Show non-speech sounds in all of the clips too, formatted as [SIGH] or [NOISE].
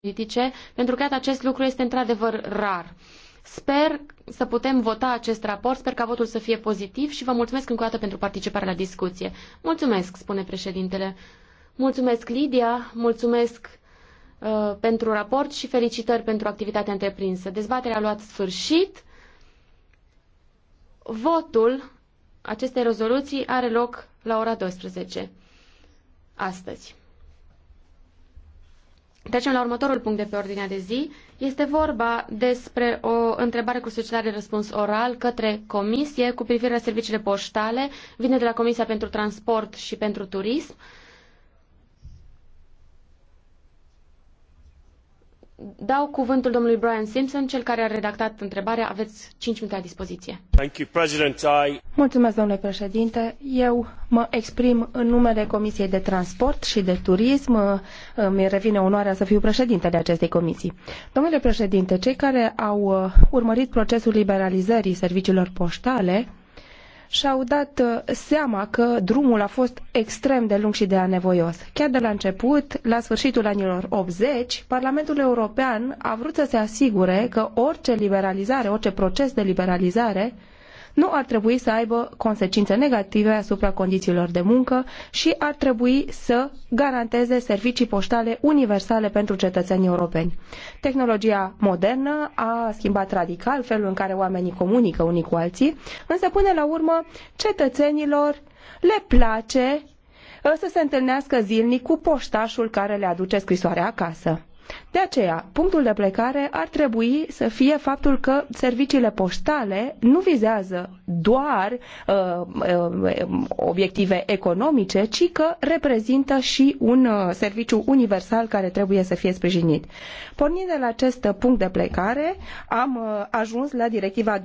politice, pentru că iată, acest lucru este într-adevăr rar. Sper să putem vota acest raport, sper ca votul să fie pozitiv și vă mulțumesc încă o dată pentru participarea la discuție. Mulțumesc, spune președintele. Mulțumesc, Lidia, mulțumesc uh, pentru raport și felicitări pentru activitatea întreprinsă. Dezbaterea a luat sfârșit. Votul acestei rezoluții are loc la ora 12 astăzi. Trecem la următorul punct de pe ordinea de zi. Este vorba despre o întrebare cu solicitare de răspuns oral către Comisie cu privire la serviciile poștale. Vine de la Comisia pentru Transport și pentru Turism. Dau cuvântul domnului Brian Simpson, cel care a redactat întrebarea. Aveți 5 minute la dispoziție. Thank you, President. I... Mulțumesc, domnule președinte. Eu mă exprim în numele Comisiei de Transport și de Turism. Mi revine onoarea să fiu președintele acestei comisii. Domnule președinte, cei care au urmărit procesul liberalizării serviciilor poștale și-au dat uh, seama că drumul a fost extrem de lung și de anevoios. Chiar de la început, la sfârșitul anilor 80, Parlamentul European a vrut să se asigure că orice liberalizare, orice proces de liberalizare nu ar trebui să aibă consecințe negative asupra condițiilor de muncă și ar trebui să garanteze servicii poștale universale pentru cetățenii europeni. Tehnologia modernă a schimbat radical felul în care oamenii comunică unii cu alții, însă până la urmă cetățenilor le place uh, să se întâlnească zilnic cu poștașul care le aduce scrisoarea acasă. De aceea, punctul de plecare ar trebui să fie faptul că serviciile poștale nu vizează doar uh, uh, obiective economice, ci că reprezintă și un uh, serviciu universal care trebuie să fie sprijinit. Pornind de la acest punct de plecare, am uh, ajuns la directiva 2008-6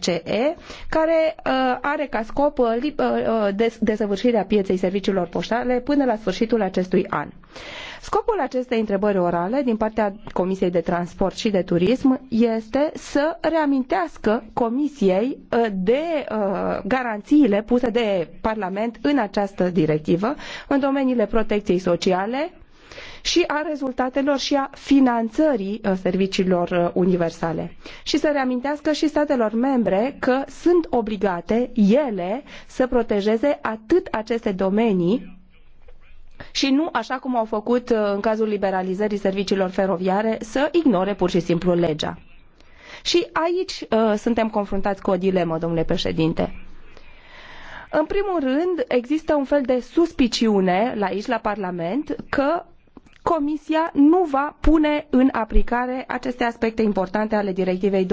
CE, care uh, are ca scop uh, desăvârșirea pieței serviciilor poștale până la sfârșitul acestui an. Scopul acestui acestei întrebări orale din partea Comisiei de Transport și de Turism este să reamintească Comisiei uh, de uh, garanțiile puse de Parlament în această directivă în domeniile protecției sociale și a rezultatelor și a finanțării uh, serviciilor universale. Și să reamintească și statelor membre că sunt obligate ele să protejeze atât aceste domenii și nu, așa cum au făcut uh, în cazul liberalizării serviciilor feroviare, să ignore pur și simplu legea. Și aici uh, suntem confruntați cu o dilemă, domnule președinte. În primul rând, există un fel de suspiciune la aici, la Parlament, că Comisia nu va pune în aplicare aceste aspecte importante ale Directivei 2008-6,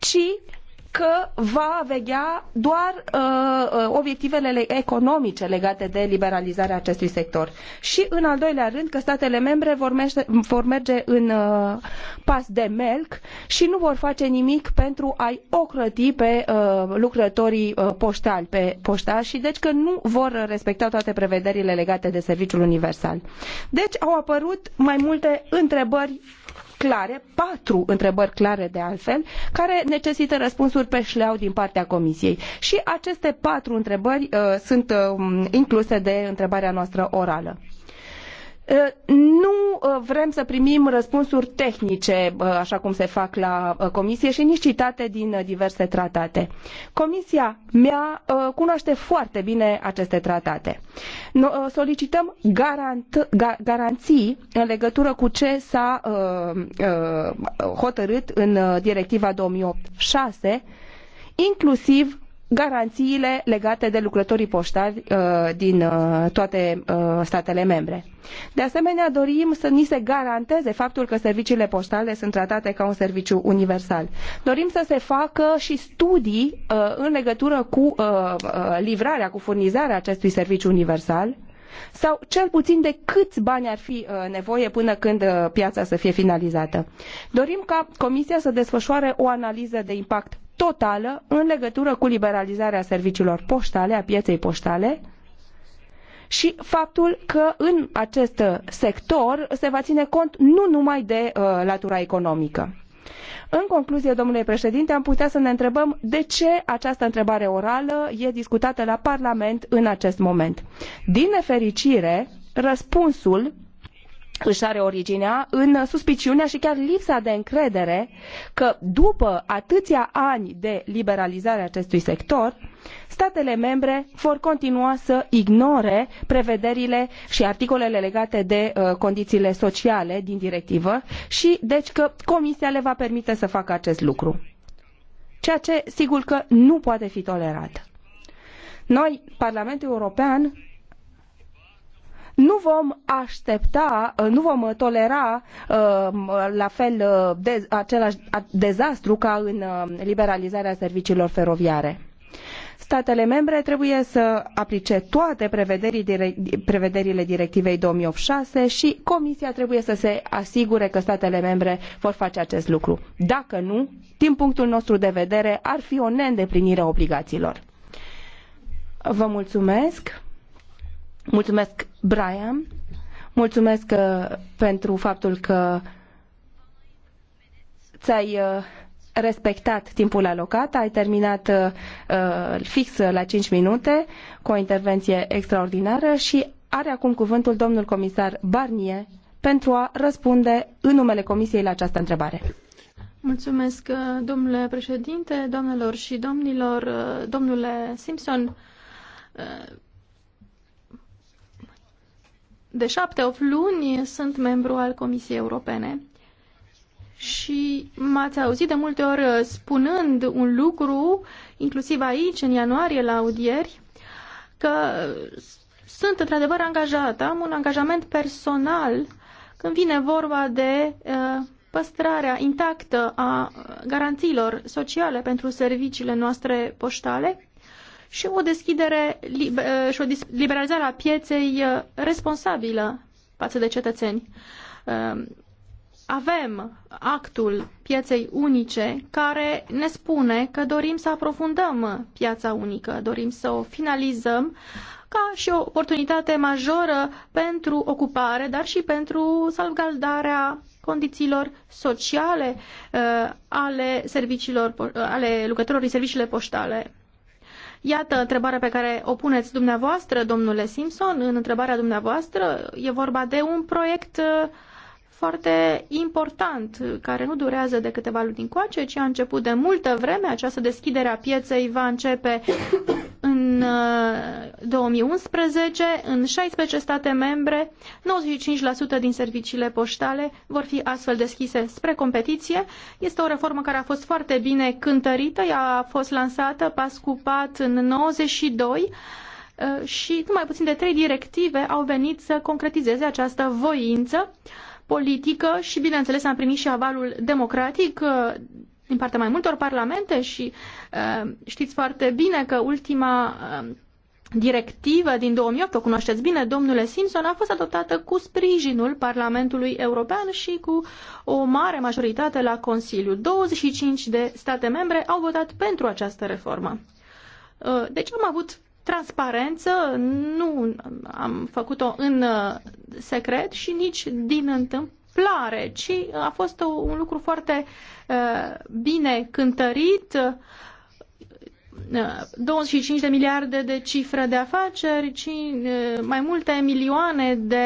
ci că va veghea doar uh, uh obiectivele economice legate de liberalizarea acestui sector. Și în al doilea rând că statele membre vor merge, vor merge în uh, pas de melc și nu vor face nimic pentru a-i ocrăti pe uh, lucrătorii uh, poștali, pe poștași și deci că nu vor respecta toate prevederile legate de serviciul universal. Deci au apărut mai multe întrebări clare, patru întrebări clare de altfel, care necesită răspunsuri pe șleau din partea Comisiei. Și aceste patru întrebări uh, sunt uh, incluse de întrebarea noastră orală. Ă, nu ă, vrem să primim răspunsuri tehnice, ă, așa cum se fac la comisie, și nici citate din diverse tratate. Comisia mea cunoaște foarte bine aceste tratate. Solicităm garant, garanții în legătură cu ce s-a hotărât în directiva 2008-6, inclusiv garanțiile legate de lucrătorii poștari uh, din uh, toate uh, statele membre. De asemenea, dorim să ni se garanteze faptul că serviciile poștale sunt tratate ca un serviciu universal. Dorim să se facă și studii în legătură cu livrarea, cu furnizarea acestui serviciu universal sau cel puțin de câți bani ar fi nevoie până când piața să fie finalizată. Dorim ca Comisia să desfășoare o analiză de impact totală în legătură cu liberalizarea serviciilor poștale, a pieței poștale, și faptul că în acest sector se va ține cont nu numai de uh, latura economică. În concluzie, domnule președinte, am putea să ne întrebăm de ce această întrebare orală e discutată la Parlament în acest moment. Din nefericire, răspunsul își are originea în suspiciunea și chiar lipsa de încredere că după atâția ani de liberalizare a acestui sector, statele membre vor continua să ignore prevederile și articolele legate de uh, condițiile sociale din directivă și deci că Comisia le va permite să facă acest lucru. Ceea ce sigur că nu poate fi tolerat. Noi, Parlamentul European, nu vom aștepta, uh, nu vom uh, tolera uh, la fel de, același dezastru ca în liberalizarea serviciilor feroviare statele membre trebuie să aplice toate prevederile directivei 2006 și Comisia trebuie să se asigure că statele membre vor face acest lucru. Dacă nu, din punctul nostru de vedere, ar fi o neîndeplinire a obligațiilor. Vă mulțumesc. Mulțumesc, Brian. Mulțumesc uh, pentru faptul că ți-ai uh, respectat timpul alocat, ai terminat uh, fix la cinci minute cu o intervenție extraordinară și are acum cuvântul domnul comisar Barnier pentru a răspunde în numele Comisiei la această întrebare. Mulțumesc, domnule președinte, domnilor și domnilor, domnule Simpson de șapte-opt luni sunt membru al Comisiei Europene și m-ați auzit de multe ori spunând un lucru, inclusiv aici, în ianuarie, la audieri, că sunt într-adevăr angajată, am un angajament personal când vine vorba de uh, păstrarea intactă a garanțiilor sociale pentru serviciile noastre poștale și o deschidere eh, și o liberalizare a pieței eh, responsabilă față de cetățeni. Ehm, avem actul pieței unice care ne spune că dorim să aprofundăm piața unică, dorim să o finalizăm ca și o oportunitate majoră pentru ocupare, dar și pentru salvgardarea condițiilor sociale eh, ale, serviciilor, ale lucrătorilor din serviciile poștale Iată întrebarea pe care o puneți dumneavoastră, domnule Simpson. În întrebarea dumneavoastră e vorba de un proiect uh, foarte important, care nu durează de câteva luni încoace, ci a început de multă vreme. Această deschidere a pieței va începe în 2011, uh, în 16 state membre, 95% din serviciile poștale vor fi astfel deschise spre competiție. Este o reformă care a fost foarte bine cântărită, ea a fost lansată pas cu pat în 92 uh, și numai puțin de trei directive au venit să concretizeze această voință politică și, bineînțeles, am primit și avalul democratic uh, din partea mai multor parlamente și uh, Ehm, știți foarte bine că ultima ehm, directivă din 2008, o cunoașteți bine, domnule Simpson, a fost adoptată cu sprijinul Parlamentului European și cu o mare majoritate la Consiliu. 25 de state membre au votat pentru această reformă. Ehm, deci am avut transparență, nu am făcut-o în secret și nici din întâmplare, ci a fost un lucru foarte bine cântărit 25 de miliarde de cifră de afaceri, ci mai multe milioane de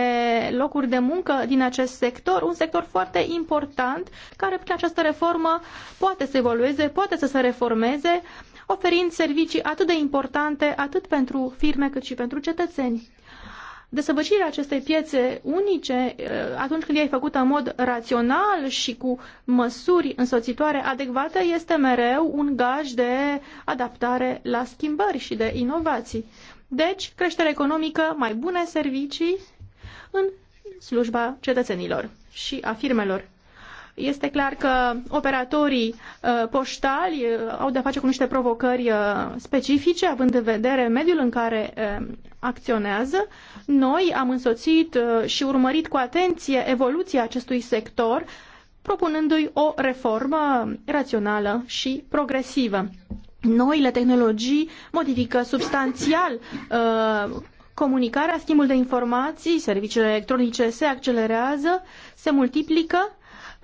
locuri de muncă din acest sector, un sector foarte important care prin această reformă poate să evolueze, poate să se reformeze, oferind servicii atât de importante atât pentru firme cât și pentru cetățeni desăvârșirea acestei piețe unice, eh, atunci când ea e făcută în mod rațional și cu măsuri însoțitoare adecvate, este mereu un gaj de adaptare la schimbări și de inovații. Deci, creștere economică, mai bune servicii în slujba cetățenilor și a firmelor. Este clar că operatorii eh, poștali eh, au de-a face cu niște provocări specifice, având în vedere mediul în care acționează. Noi am însoțit uh, și urmărit cu atenție evoluția acestui sector, propunându-i o reformă rațională și progresivă. Noile tehnologii modifică substanțial uh, comunicarea, schimbul de informații, serviciile electronice se accelerează, se multiplică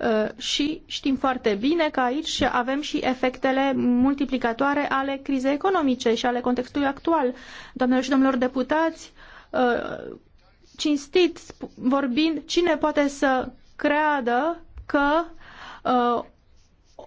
Uh, și știm foarte bine că aici avem și efectele multiplicatoare ale crizei economice și ale contextului actual. Doamnelor și domnilor deputați, uh, cinstit vorbind, cine poate să creadă că uh,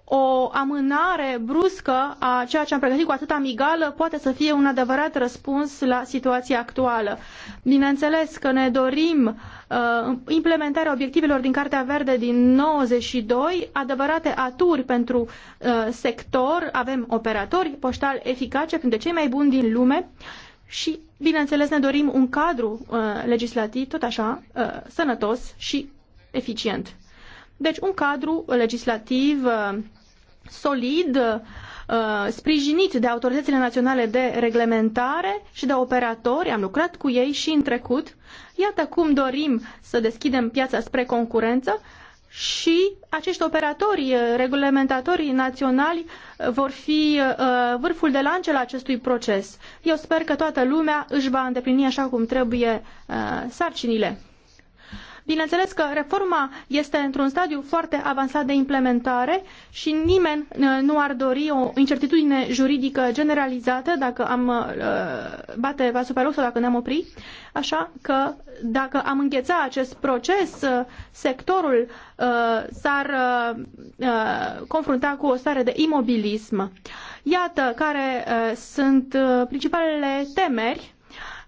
o amânare bruscă a ceea ce am pregătit cu atâta migală poate să fie un adevărat răspuns la situația actuală. Bineînțeles că ne dorim uh, implementarea obiectivelor din Cartea Verde din 92, adevărate aturi pentru uh, sector, avem operatori poștali eficace, printre cei mai buni din lume și, bineînțeles, ne dorim un cadru uh, legislativ tot așa uh, sănătos și eficient. Deci un cadru legislativ uh, solid, uh, sprijinit de autoritățile naționale de reglementare și de operatori, am lucrat cu ei și în trecut. Iată cum dorim să deschidem piața spre concurență și acești operatori, uh, reglementatorii naționali vor fi vârful de lance la acestui proces. Eu sper că toată lumea își va îndeplini așa cum trebuie sarcinile. Bineînțeles că reforma este într-un stadiu foarte avansat de implementare și nimeni uh, nu ar dori o incertitudine juridică generalizată dacă am uh, bate asupra loc sau dacă ne-am opri. Așa că dacă am îngheța acest proces, uh, sectorul s-ar confrunta cu o stare de imobilism. Iată care sunt principalele temeri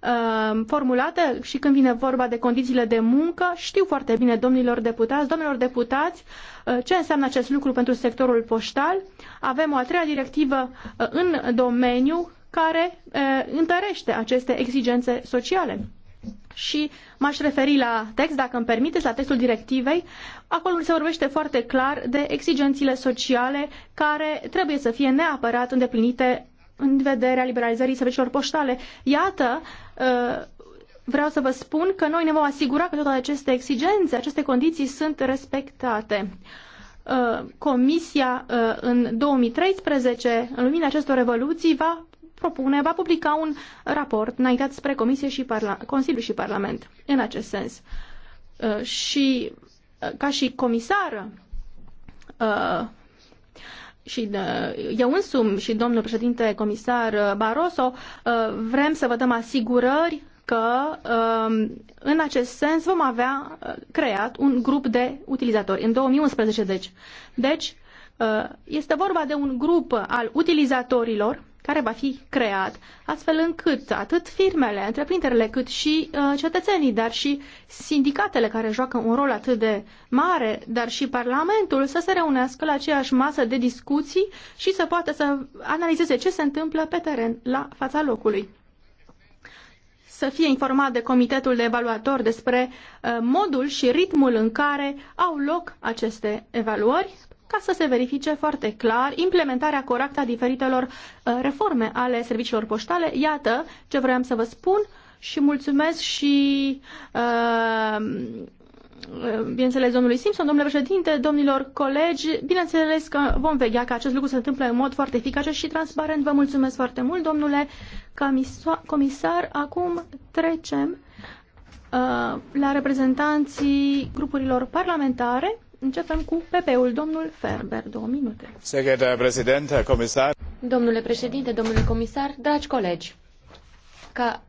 Um, formulate și când vine vorba de condițiile de muncă, știu foarte bine domnilor deputați, domnilor deputați, uh, ce înseamnă acest lucru pentru sectorul poștal. Avem o a treia directivă uh, în domeniu care uh, întărește aceste exigențe sociale. Și m-aș referi la text, dacă îmi permiteți, la textul directivei. Acolo se vorbește foarte clar de exigențiile sociale care trebuie să fie neapărat îndeplinite în vederea liberalizării serviciilor poștale. Iată Uh, vreau să vă spun că noi ne vom asigura că toate aceste exigențe, aceste condiții sunt respectate. Uh, comisia uh, în 2013, în lumina acestor revoluții, va propune, va publica un raport înaintat spre Comisie și Parla- Consiliu și Parlament în acest sens. Și ca și comisară, și uh, eu însumi și domnul președinte comisar uh, Barroso uh, vrem să vă dăm asigurări că um, în acest sens vom avea creat un grup de utilizatori în 2011 deci. Deci este vorba de un grup al utilizatorilor care va fi creat, astfel încât atât firmele, întreprinderile, cât și uh, cetățenii, dar și sindicatele care joacă un rol atât de mare, dar și Parlamentul să se reunească la aceeași masă de discuții și să poată să analizeze ce se întâmplă pe teren, la fața locului să fie informat de comitetul de evaluator despre uh, modul și ritmul în care au loc aceste evaluări ca să se verifice foarte clar implementarea corectă a diferitelor uh, reforme ale serviciilor poștale. Iată ce vreau să vă spun și mulțumesc și uh, uh, bineînțeles domnului Simpson, domnule președinte, domnilor colegi, bineînțeles că vom vedea că acest lucru se întâmplă în mod foarte eficace și transparent. Vă mulțumesc foarte mult, domnule comisar. Acum trecem uh, la reprezentanții grupurilor parlamentare. Începem cu PP-ul, domnul Ferber, două minute. Președinte, comisar. Domnule președinte, domnule comisar, dragi colegi, ca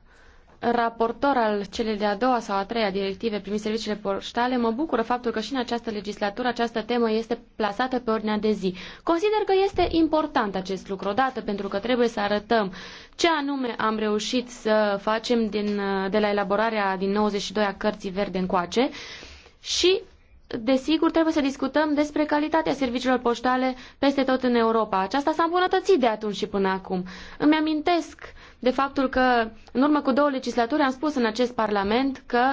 raportor al celei de-a doua sau a treia directive privind serviciile poștale, mă bucură faptul că și în această legislatură această temă este plasată pe ordinea de zi. Consider că este important acest lucru, odată pentru că trebuie să arătăm ce anume am reușit să facem din, de la elaborarea din 92 a cărții verde încoace și Desigur, trebuie să discutăm despre calitatea serviciilor poștale peste tot în Europa. Aceasta s-a îmbunătățit de atunci și până acum. Îmi amintesc de faptul că, în urmă cu două legislaturi, am spus în acest Parlament că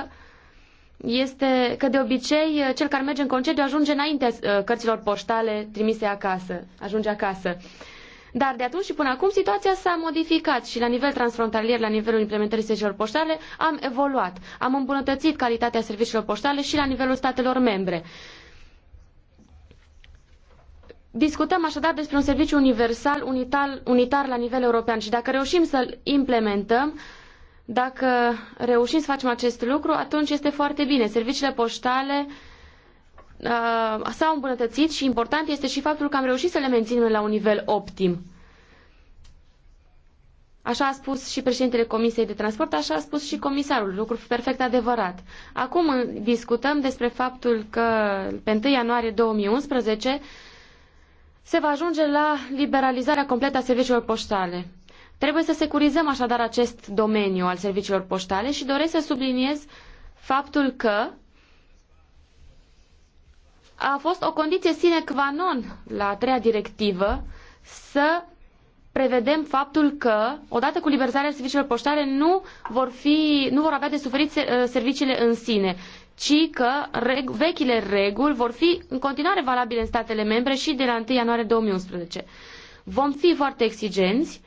este că de obicei cel care merge în concediu ajunge înaintea ă, cărților poștale trimise acasă, ajunge acasă. Uh, dar de atunci și până acum situația s-a modificat și la nivel transfrontalier, la nivelul implementării serviciilor poștale, am evoluat. Am îmbunătățit calitatea serviciilor poștale și la nivelul statelor membre. Discutăm așadar despre un serviciu universal, unitar, unitar la nivel european și dacă reușim să-l implementăm, dacă reușim să facem acest lucru, atunci este foarte bine. Serviciile poștale uh, uh, s-au îmbunătățit și important este și faptul că am reușit să le menținem la un nivel optim. Așa a spus și președintele Comisiei de Transport, așa a spus și comisarul, lucru perfect adevărat. Acum discutăm despre faptul că pe 1 ianuarie 2011 se va ajunge la liberalizarea completă a serviciilor poștale. Trebuie să securizăm așadar acest domeniu al serviciilor poștale și doresc să subliniez faptul că a fost o condiție sine qua non la a treia directivă să prevedem faptul că, odată cu liberalizarea serviciilor poștare, nu vor, fi, nu vor avea de suferit ă, serviciile în sine, ci că reg, vechile reguli vor fi în continuare valabile în statele membre și de la 1 ianuarie 2011. Vom fi foarte exigenți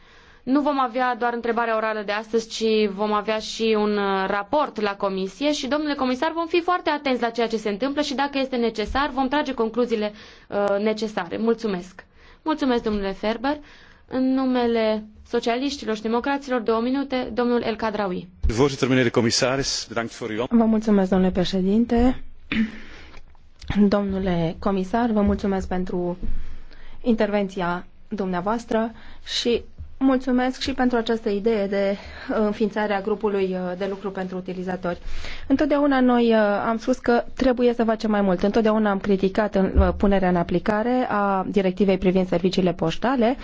nu vom avea doar întrebarea orală de astăzi, ci vom avea și un uh, raport la comisie și, domnule comisar, vom fi foarte atenți la ceea ce se întâmplă și, dacă este necesar, vom trage concluziile uh, necesare. Mulțumesc! Mulțumesc, domnule Ferber! În numele socialiștilor și democraților, două minute, domnul El Cadraui. Vă mulțumesc, domnule președinte. [CLEARS THROAT] Domnule comisar, vă mulțumesc pentru intervenția dumneavoastră și Mulțumesc și pentru această idee de uh, înființare a grupului uh, de lucru pentru utilizatori. Întotdeauna noi uh, am spus că trebuie să facem mai mult. Întotdeauna am criticat în punerea în aplicare a directivei privind serviciile poștale,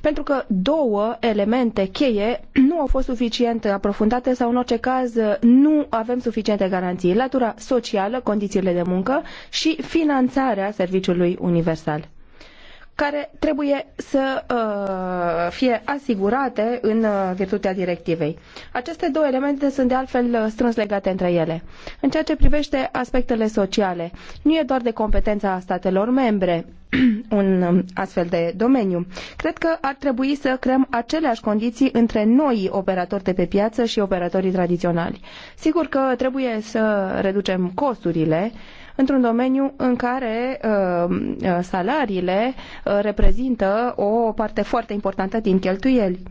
pentru că două elemente cheie nu au fost suficient aprofundate sau în orice caz nu avem suficiente garanții. Latura socială, condițiile de muncă și finanțarea serviciului universal care trebuie să uh, fie asigurate în uh, virtutea directivei. Aceste două elemente sunt de altfel uh, strâns legate între ele. În ceea ce privește aspectele sociale, nu e doar de competența statelor membre [CLEARS THROAT] un um, astfel de domeniu. Cred că ar trebui să creăm aceleași condiții între noi operatori de pe piață și operatorii tradiționali. Sigur că trebuie să reducem costurile uh, într-un domeniu în care uh, uh, salariile uh, reprezintă o parte foarte importantă din cheltuieli.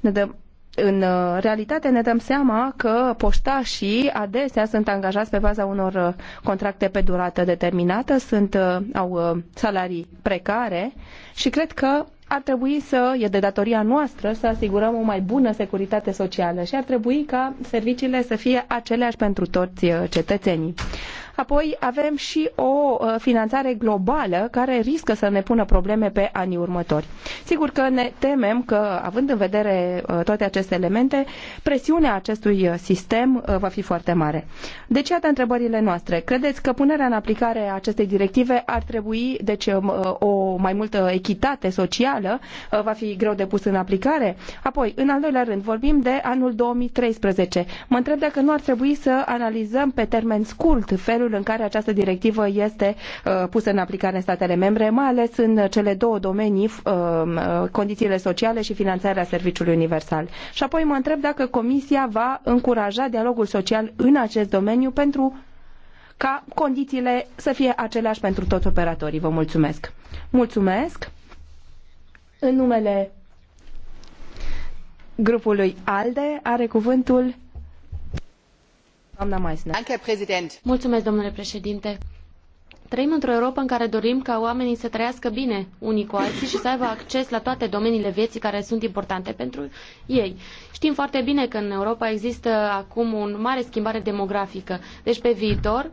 Ne dăm în realitate ne dăm seama că poștașii adesea sunt angajați pe baza unor contracte pe durată determinată, sunt, au salarii precare și cred că ar trebui să, e de datoria noastră, să asigurăm o mai bună securitate socială și ar trebui ca serviciile să fie aceleași pentru toți cetățenii. Apoi avem și o uh, finanțare globală care riscă să ne pună probleme pe anii următori. Sigur că ne temem că, având în vedere uh, toate aceste elemente, presiunea acestui uh, sistem va fi foarte mare. Deci, iată întrebările noastre. Credeți că punerea în aplicare a acestei directive ar trebui, deci, um, o mai multă echitate socială va fi greu de pus în aplicare? Apoi, în al doilea rând, vorbim de anul 2013. Mă întreb dacă nu ar trebui să analizăm pe termen scurt felul felul în care această directivă este uh, pusă în aplicare în statele membre, mai ales în cele două domenii, uh, uh, condițiile sociale și finanțarea serviciului universal. Și apoi mă întreb dacă Comisia va încuraja dialogul social în acest domeniu pentru ca condițiile să fie aceleași pentru toți operatorii. Vă mulțumesc! Mulțumesc! În numele grupului ALDE are cuvântul Mulțumesc, domnule președinte. Trăim într-o Europă în care dorim ca oamenii să trăiască bine unii cu alții și să aibă acces la toate domeniile vieții care sunt importante pentru ei. Știm foarte bine că în Europa există acum o mare schimbare demografică. Deci pe viitor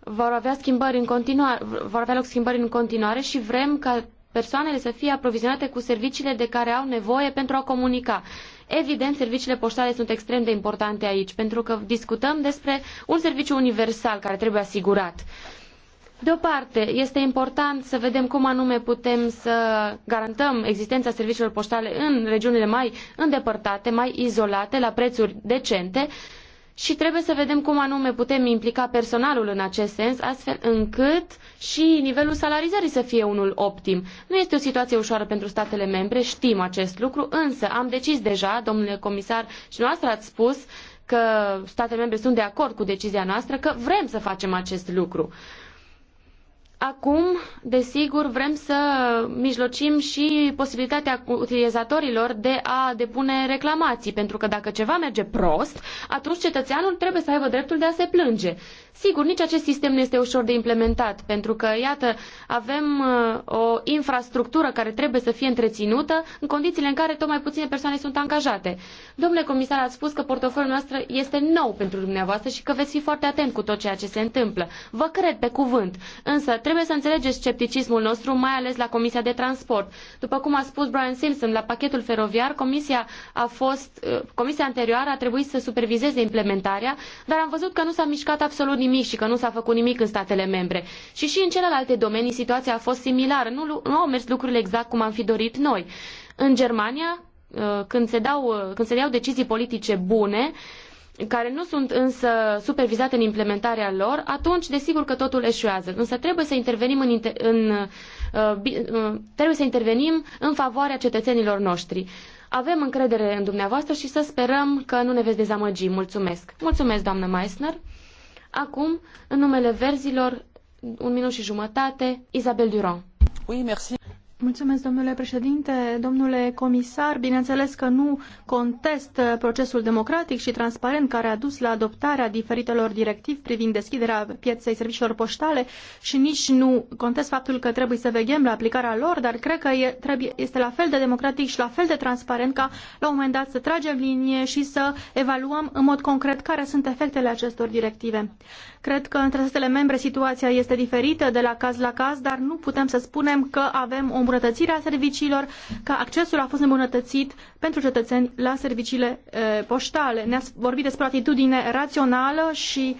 vor avea, schimbări în continuare, vor avea loc schimbări în continuare și vrem ca persoanele să fie aprovizionate cu serviciile de care au nevoie pentru a comunica. Evident, serviciile poștale sunt extrem de importante aici, pentru că discutăm despre un serviciu universal care trebuie asigurat. De o parte, este important să vedem cum anume putem să garantăm existența serviciilor poștale în regiunile mai îndepărtate, mai izolate, la prețuri decente și trebuie să vedem cum anume putem implica personalul în acest sens, astfel încât și nivelul salarizării să fie unul optim. Nu este o situație ușoară pentru statele membre, știm acest lucru, însă am decis deja, domnule comisar, și noastră ați spus că statele membre sunt de acord cu decizia noastră, că vrem să facem acest lucru. Uh, Acum, desigur, vrem să mijlocim și posibilitatea utilizatorilor de a depune reclamații, pentru că dacă ceva merge prost, atunci cetățeanul trebuie să aibă dreptul de a se plânge. Sigur, nici acest sistem nu este ușor de implementat, pentru că, iată, avem uh, o infrastructură care trebuie să fie întreținută în condițiile în care tot mai puține persoane sunt angajate. Domnule comisar, ați spus că portofoliul nostru este nou pentru dumneavoastră și că veți fi foarte atent cu tot ceea ce se întâmplă. Vă cred pe cuvânt, însă trebuie să înțelegeți scepticismul nostru, mai ales la Comisia de Transport. După cum a spus Brian Simpson, la pachetul feroviar, comisia, a fost, uh, comisia anterioară a trebuit să superviseze implementarea, dar am văzut că nu s-a mișcat absolut nimic și că nu s-a făcut nimic în statele membre. Și și în celelalte domenii situația a fost similară, nu, nu au mers lucrurile exact cum am fi dorit noi. În Germania, uh, când se, dau, uh, când se iau decizii politice bune, care nu sunt însă supervizate în implementarea lor, atunci desigur că totul eșuează. Însă trebuie să intervenim în, în uh, uh, trebuie să intervenim în favoarea cetățenilor noștri. Avem încredere în dumneavoastră și să sperăm că nu ne veți dezamăgi. Mulțumesc. Mulțumesc, doamnă Meissner. Acum, în numele verzilor, un minut și jumătate, Isabel Durand. Oui, merci. Mulțumesc, domnule președinte, domnule comisar. Bineînțeles că nu contest procesul democratic și transparent care a dus la adoptarea diferitelor directivi privind deschiderea pieței serviciilor poștale și nici nu contest faptul că trebuie să veghem la aplicarea lor, dar cred că e, trebuie, este la fel de democratic și la fel de transparent ca la un moment dat să tragem linie și să evaluăm în mod concret care sunt efectele acestor directive. Cred că între statele membre situația este diferită de la caz la caz, dar nu putem să spunem că avem o îmbunătățirea serviciilor, că accesul a fost îmbunătățit pentru cetățeni la serviciile poștale. ne a vorbit despre atitudine rațională și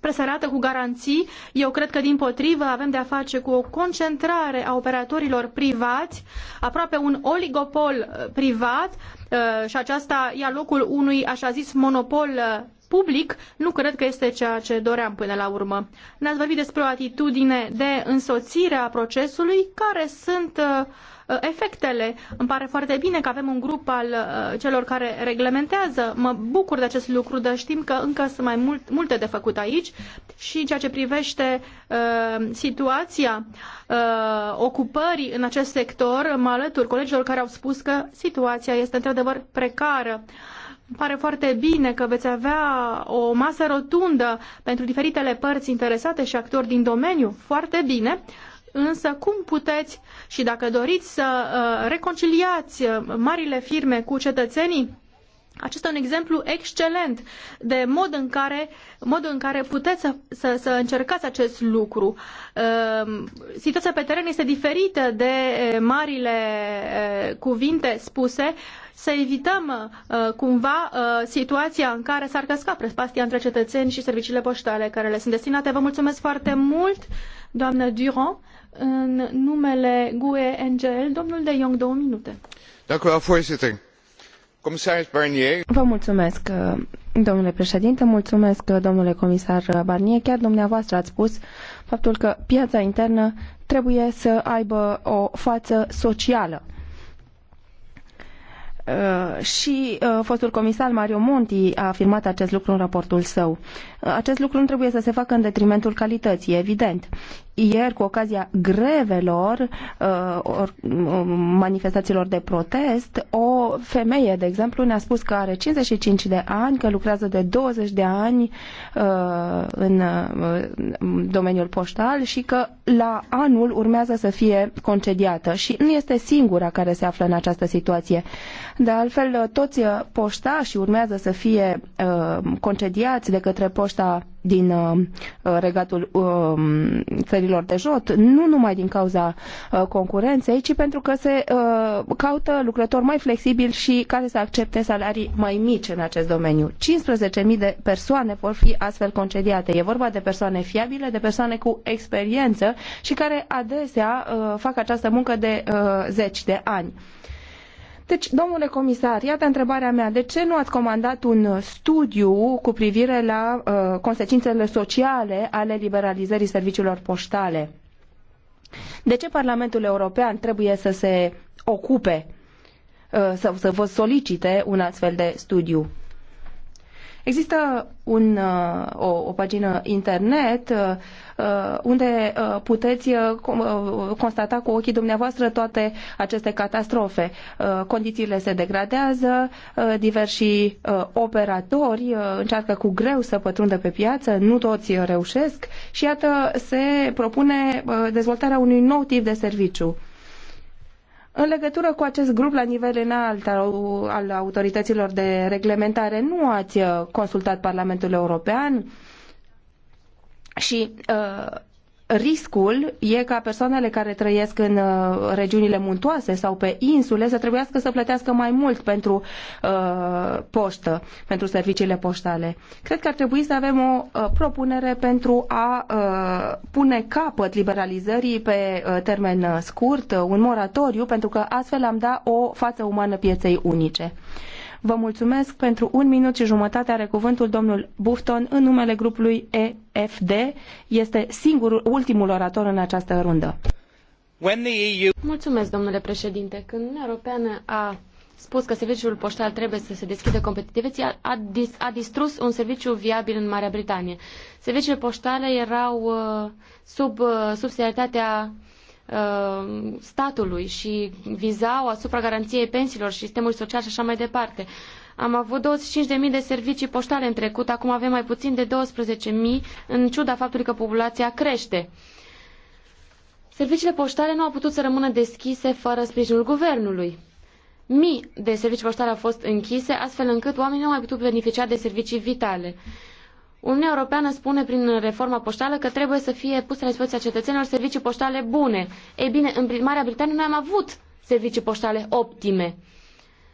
presărată cu garanții. Eu cred că, din potrivă, avem de-a face cu o concentrare a operatorilor privați, aproape un oligopol privat și aceasta ia locul unui, așa zis, monopol public, nu cred că este ceea ce doream până la urmă. Ne-ați vorbit despre o atitudine de însoțire a procesului, care sunt uh, efectele. Îmi pare foarte bine că avem un grup al uh, celor care reglementează. Mă bucur de acest lucru, dar știm că încă sunt mai mult, multe de făcut aici și în ceea ce privește uh, situația uh, ocupării în acest sector, mă alătur colegilor care au spus că situația este într-adevăr precară. Uh, îmi pare foarte bine că veți avea o masă rotundă pentru diferitele părți interesate și actori din domeniu. Foarte bine. Însă cum puteți și dacă doriți să uh, reconciliați uh, marile firme cu cetățenii, acesta e un exemplu excelent de mod în care, modul în care puteți să, să, să încercați acest lucru. Uh, situația pe teren este diferită de marile cuvinte spuse să evităm uh, cumva uh, situația în care s-ar căsca prespastia între cetățeni și serviciile poștale care le sunt destinate. Vă mulțumesc foarte mult, doamnă Durand. În numele GUE NGL, domnul de Jong, două minute. Vă mulțumesc, uh, domnule președinte, mulțumesc, domnule comisar Barnier. Chiar dumneavoastră ați spus faptul că piața internă trebuie să aibă o față socială Uh, și uh, fostul comisar Mario Monti a afirmat acest lucru în raportul său. Uh, acest lucru nu trebuie să se facă în detrimentul calității, evident. Ieri, cu ocazia grevelor, uh, um, manifestațiilor de protest, o femeie, de exemplu, ne-a spus că are 55 de ani, că lucrează de 20 de ani uh, în uh, domeniul poștal și că la anul urmează să fie concediată și nu este singura care se află în această situație. De altfel, toți poștașii urmează să fie concediați de către poșta din uh, uh, regatul um, țărilor de jot, nu numai din cauza uh, concurenței, ci pentru că se caută lucrători mai flexibili și care să accepte salarii mai mici în acest domeniu. 15.000 de persoane vor fi astfel concediate. E vorba de persoane fiabile, de persoane cu experiență și care adesea fac această muncă de zeci de ani. Deci, domnule comisar, iată întrebarea mea. De ce nu ați comandat un studiu cu privire la uh, consecințele sociale ale liberalizării serviciilor poștale? De ce Parlamentul European trebuie să se ocupe uh, să, să vă solicite un astfel de studiu? Există un, uh, o, o pagină internet uh, uh, unde puteți constata cu ochii dumneavoastră toate aceste catastrofe. Condițiile se degradează, diversi operatori încearcă cu greu să pătrundă pe piață, nu toți reușesc și iată se propune dezvoltarea unui nou tip de serviciu în legătură cu acest grup la nivel înalt al autorităților de reglementare, nu ați uh, consultat Parlamentul European și uh, riscul e ca persoanele care trăiesc în uh, regiunile muntoase sau pe insule să trebuiască să plătească mai mult pentru uh, poștă, pentru serviciile poștale. Cred că ar trebui să avem o uh, propunere pentru a uh, pune capăt liberalizării pe uh, termen uh, scurt, uh, un moratoriu, pentru că astfel am da o față umană pieței unice. Uh, Vă mulțumesc pentru un minut și jumătate are cuvântul domnul Bufton în numele grupului EFD. Este singurul, ultimul orator în această rundă. EU... Mulțumesc, domnule președinte. Când Uniunea Europeană a spus că serviciul poștal trebuie să se deschidă competitivității, a, a, dis, a distrus un serviciu viabil în Marea Britanie. Serviciile poștale erau uh, sub uh, subsidiaritatea uh, Uh, statului și vizau asupra garanției pensiilor și sistemului social și așa mai departe. Am avut 25.000 de servicii poștale în trecut, acum avem mai puțin de 12.000, în ciuda faptului că populația crește. Serviciile poștale nu au putut să rămână deschise fără sprijinul guvernului. Mii de servicii poștale au fost închise, astfel încât oamenii nu au mai putut beneficia de servicii vitale. Uniunea Europeană spune prin reforma poștală că trebuie să fie puse la dispoziția cetățenilor servicii poștale bune. Ei bine, în Marea Britanie noi am avut servicii poștale optime.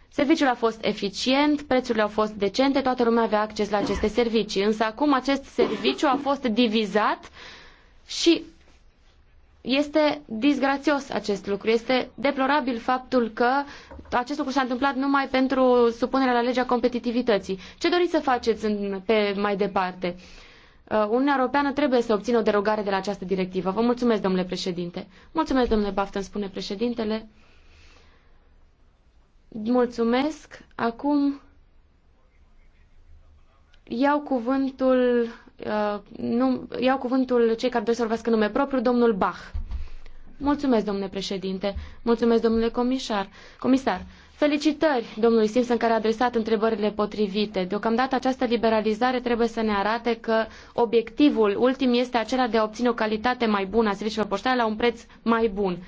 Serviciul a fost eficient, prețurile au fost decente, toată lumea avea acces la aceste servicii. Însă acum acest serviciu a fost divizat și este disgrațios acest lucru. Este deplorabil faptul că acest lucru s-a întâmplat numai pentru supunerea la legea competitivității. Ce doriți să faceți în, pe mai departe? Uh, Uniunea Europeană trebuie să obțină o derogare de la această directivă. Vă mulțumesc, domnule președinte. Mulțumesc, domnule Bafton, spune președintele. Mulțumesc. Acum iau cuvântul, uh, nu, iau cuvântul cei care doresc să vorbească nume propriu, domnul Bach. Mulțumesc, domnule președinte. Mulțumesc, domnule comisar. comisar. Felicitări domnului Simpson care a adresat întrebările potrivite. Deocamdată această liberalizare trebuie să ne arate că obiectivul ultim este acela de a obține o calitate mai bună a serviciilor poștale la un preț mai bun.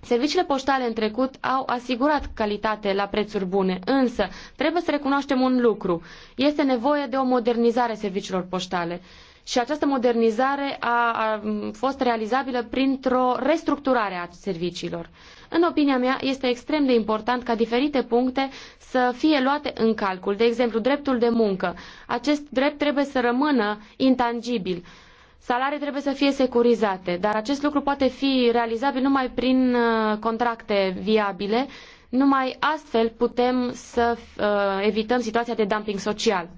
Serviciile poștale în trecut au asigurat calitate la prețuri bune, însă trebuie să recunoaștem un lucru. Este nevoie de o modernizare a serviciilor poștale. Și această modernizare a, a fost realizabilă printr-o restructurare a serviciilor. În opinia mea, este extrem de important ca diferite puncte să fie luate în calcul. De exemplu, dreptul de muncă. Acest drept trebuie să rămână intangibil. Salarii trebuie să fie securizate, dar acest lucru poate fi realizabil numai prin uh, contracte viabile. Numai astfel putem să uh, evităm situația de dumping social.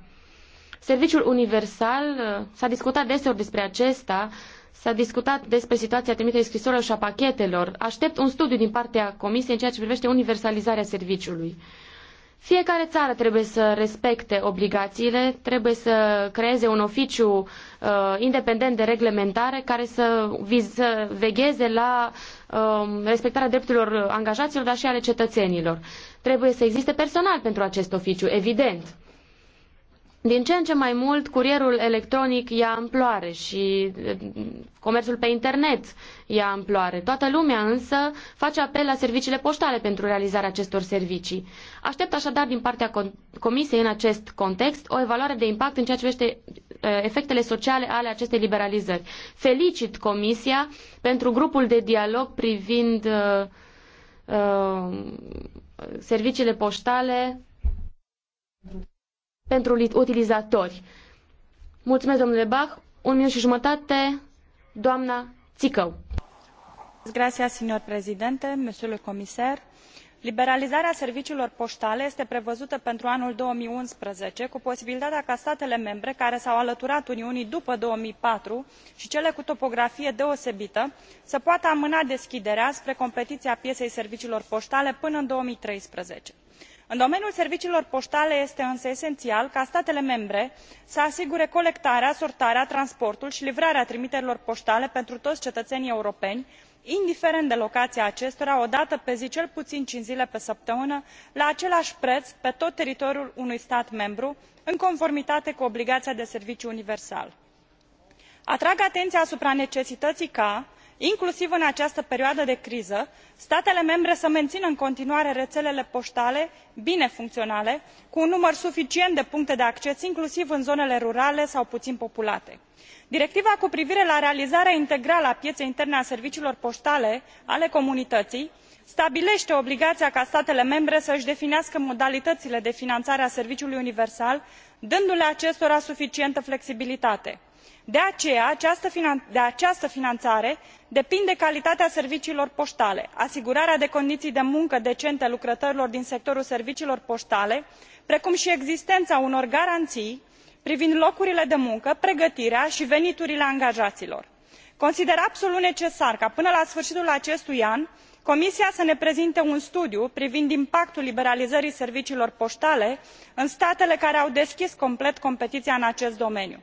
Serviciul universal, uh, s-a discutat deseori despre acesta, s-a discutat despre situația trimiterii scrisorilor și a pachetelor. Aștept un studiu din partea Comisiei în ceea ce privește universalizarea serviciului. Fiecare țară trebuie să respecte obligațiile, trebuie să creeze un oficiu uh, independent de reglementare care să, viz, să vegheze la uh, respectarea drepturilor angajaților, dar și ale cetățenilor. Trebuie să existe personal pentru acest oficiu, evident. Din ce în ce mai mult, curierul electronic ia amploare și eh, comerțul pe internet ia amploare. Toată lumea însă face apel la serviciile poștale pentru realizarea acestor servicii. Aștept așadar din partea Comisiei în acest context o evaluare de impact în ceea ce privește eh, efectele sociale ale acestei liberalizări. Felicit Comisia pentru grupul de dialog privind uh, uh, serviciile poștale pentru utilizatori. Mulțumesc, domnule Bach. Un minut și jumătate, doamna Țicău. Gracias, signor președinte, domnule comisar liberalizarea serviciilor poștale este prevăzută pentru anul 2011, cu posibilitatea ca statele membre care s au alăturat uniunii după 2004 și cele cu topografie deosebită să poată amâna deschiderea spre competiția pieței serviciilor poștale până în 2013 în domeniul serviciilor potale este însă esenial ca statele membre să asigure colectarea sortarea transportul i livrarea trimiterilor potale pentru toi cetăenii europeni indiferent de locaia acestora o dată pe zi cel puin cinci zile pe săptămână la acelai pre pe tot teritoriul unui stat membru în conformitate cu obligaia de serviciu universal. atrag atenia asupra necesităii ca inclusiv în această perioadă de criză statele membre să menină în continuare reelele potale bine funcionale cu un număr suficient de puncte de acces inclusiv în zonele rurale sau puin populate. directiva cu privire la realizarea integrală a pieei interne a serviciilor potale ale comunităii stabilete obligaia ca statele membre să îi definească modalităile de finanare a serviciului universal dându le acestora suficientă flexibilitate de această finanțare depinde calitatea serviciilor potale asigurarea de condiții de muncă decente lucrătorilor din sectorul serviciilor potale precum și existența unor garanții privind locurile de muncă pregătirea și veniturile angajaților. consider absolut necesar ca până la sfârșitul acestui an comisia să ne prezinte un studiu privind impactul liberalizării serviciilor potale în statele care au deschis complet competiția în acest domeniu.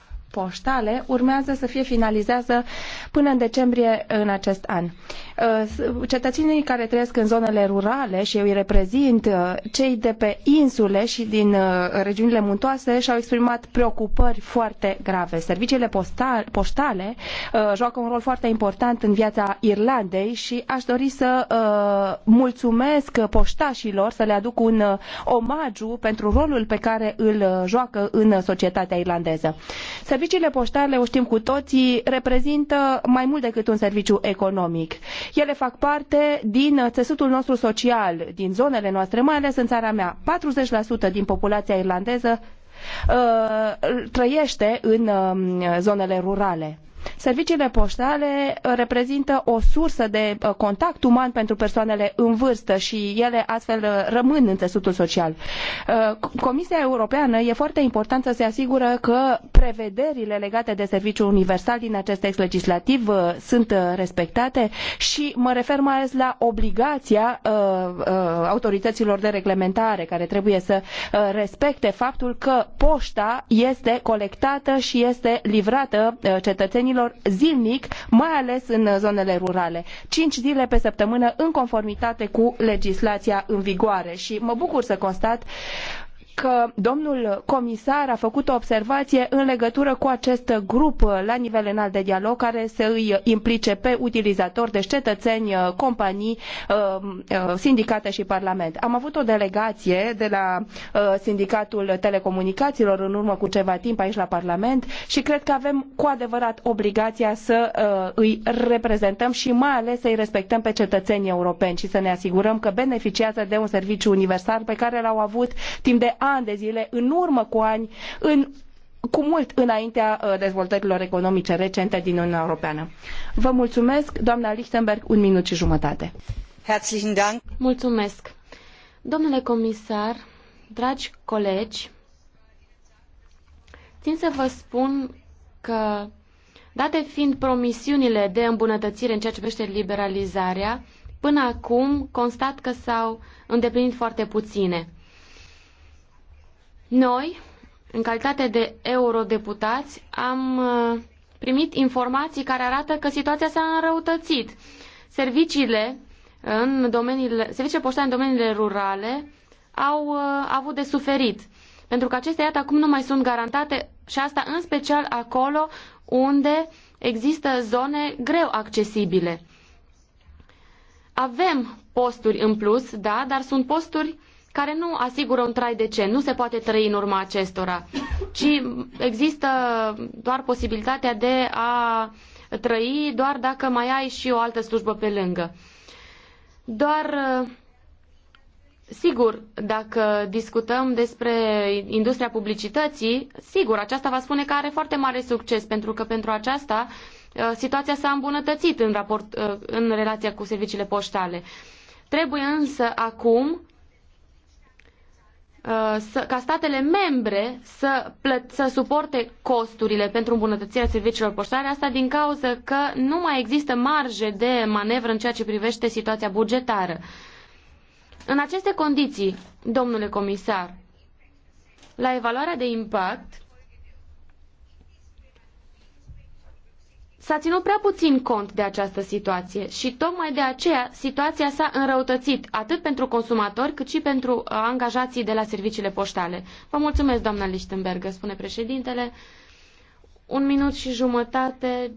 poștale urmează să fie finalizează până în decembrie în acest an. Uh, cetățenii care trăiesc în zonele rurale și eu îi reprezint, uh, cei de pe insule și din uh, regiunile muntoase și-au exprimat preocupări foarte grave. Serviciile poștale joacă un rol foarte important în viața Irlandei și aș dori să mulțumesc poștașilor, să le aduc un omagiu pentru rolul pe care îl joacă în societatea irlandeză. Serviciile poștale, o știm cu toții, reprezintă mai mult decât un serviciu economic. Ele fac parte din țesutul nostru social, din zonele noastre, mai ales în țara mea. 40% din populația irlandeză uh, trăiește în um, zonele rurale. Serviciile poștale uh, reprezintă o sursă de uh, contact uman pentru persoanele în vârstă și ele astfel uh, rămân în țesutul social. Comisia Europeană e foarte important să se asigură că prevederile legate de serviciul universal din acest text legislativ sunt respectate și mă refer mai ales la obligația autorităților de reglementare care trebuie să respecte faptul că poșta este colectată și este livrată cetățenilor oamenilor zilnic, mai ales în uh, zonele rurale. Cinci zile pe săptămână în conformitate cu legislația în vigoare și mă bucur să constat că domnul comisar a făcut o observație în legătură cu acest grup la nivel înalt de dialog care să îi implice pe utilizatori, deci cetățeni, uh, companii, uh, uh, sindicate și parlament. Am avut o delegație de la Sindicatul Telecomunicațiilor în urmă cu ceva timp aici la Parlament și cred că avem cu adevărat obligația să îi reprezentăm și mai ales să îi respectăm pe cetățenii europeni și să ne asigurăm că beneficiază de un serviciu universal pe care l-au avut timp de ani ani de zile, în urmă cu ani, în cu mult înaintea uh, dezvoltărilor economice recente din Uniunea Europeană. Vă mulțumesc, doamna Lichtenberg, un minut și jumătate. Mulțumesc. Domnule comisar, dragi colegi, țin să vă spun că, date fiind promisiunile de îmbunătățire în ceea ce privește liberalizarea, până acum constat că s-au îndeplinit foarte puține. Noi, în calitate de eurodeputați, am uh, primit informații care arată că situația s-a înrăutățit. Serviciile în domeniile, serviciile poștale în domeniile rurale au uh, avut de suferit. Pentru că acestea, iată, acum nu mai sunt garantate și asta în special acolo unde există zone greu accesibile. Avem posturi în plus, da, dar sunt posturi care nu asigură un trai decent. Nu se poate trăi în urma acestora, ci există doar posibilitatea de a trăi doar dacă mai ai și o altă slujbă pe lângă. Doar uh, Sigur, dacă discutăm despre industria publicității, sigur, aceasta va spune că are foarte mare succes, pentru că pentru aceasta uh, situația s-a îmbunătățit în, raport, uh, în relația cu serviciile poștale. Trebuie însă acum Uh, ca statele membre să, plă- să suporte costurile pentru îmbunătățirea serviciilor poștare, asta din cauza că nu mai există marge de manevră în ceea ce privește situația bugetară. În aceste condiții, domnule comisar, la evaluarea de impact, S-a ținut prea puțin cont de această situație și tocmai de aceea situația s-a înrăutățit atât pentru consumatori cât și pentru uh, angajații de la serviciile poștale. Vă mulțumesc, doamna Lichtenberger, spune președintele. Un minut și jumătate,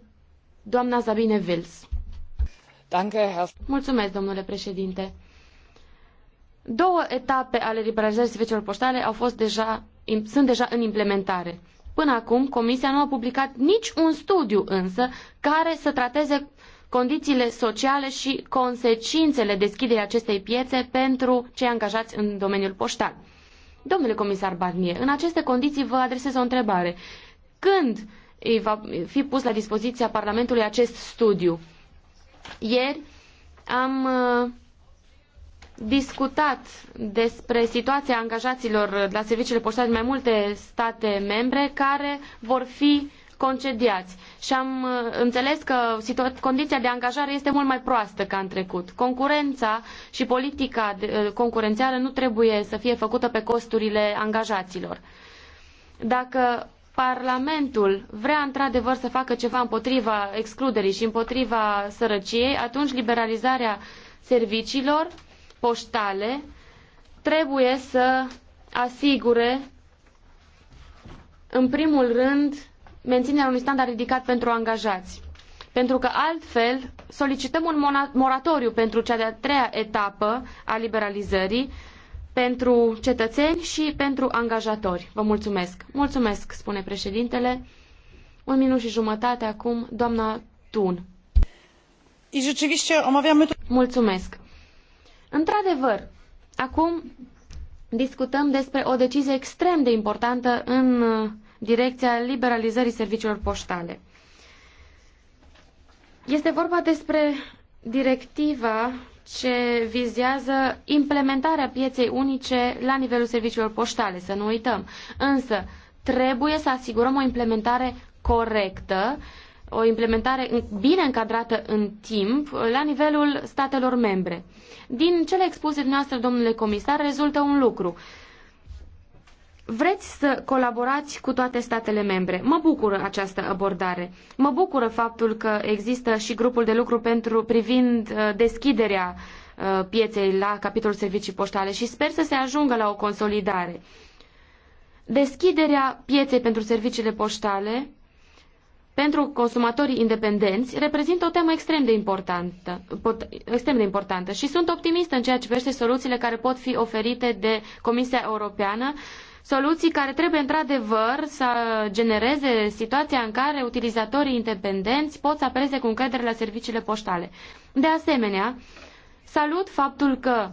doamna Zabine Vils. Mulțumesc, domnule președinte. Două etape ale liberalizării serviciilor poștale au fost deja, sunt deja în implementare. Până acum, Comisia nu a publicat nici un studiu însă care să trateze condițiile sociale și consecințele deschiderii acestei piețe pentru cei angajați în domeniul poștal. Domnule comisar Barnier, în aceste condiții vă adresez o întrebare. Când va fi pus la dispoziția Parlamentului acest studiu? Ieri am uh, discutat despre situația angajaților la serviciile poștale din mai multe state membre care vor fi concediați. Și am uh, înțeles că condiția de angajare este mult mai proastă ca în trecut. Concurența și politica uh, concurențială nu trebuie să fie făcută pe costurile angajaților. Dacă Parlamentul vrea într-adevăr să facă ceva împotriva excluderii și împotriva sărăciei, atunci liberalizarea serviciilor poștale trebuie să asigure, în primul rând, menținerea unui standard ridicat pentru angajați. Pentru că altfel solicităm un moratoriu pentru cea de-a treia etapă a liberalizării pentru cetățeni și pentru angajatori. Vă mulțumesc. Mulțumesc, spune președintele. Un minut și jumătate acum, doamna Tun. Mulțumesc. Într-adevăr, acum discutăm despre o decizie extrem de importantă în uh, direcția liberalizării serviciilor poștale. Este vorba despre directiva ce vizează implementarea pieței unice la nivelul serviciilor poștale, să nu uităm. Însă, trebuie să asigurăm o implementare corectă uh, o implementare bine încadrată în timp uh, la nivelul statelor membre. Din cele expuse dumneavoastră, domnule comisar, rezultă un lucru. Vreți să colaborați cu toate statele membre. Mă bucură această abordare. Mă bucură faptul că există și grupul de lucru pentru privind uh, deschiderea uh, pieței la capitolul servicii poștale și sper să se ajungă la o consolidare. Deschiderea pieței pentru serviciile poștale pentru consumatorii independenți reprezintă o temă extrem de importantă, pot, extrem de importantă și sunt optimistă în ceea ce privește soluțiile care pot fi oferite de Comisia Europeană soluții care trebuie într-adevăr să genereze situația în care utilizatorii independenți pot să apeleze cu încredere la serviciile poștale. De asemenea, salut faptul că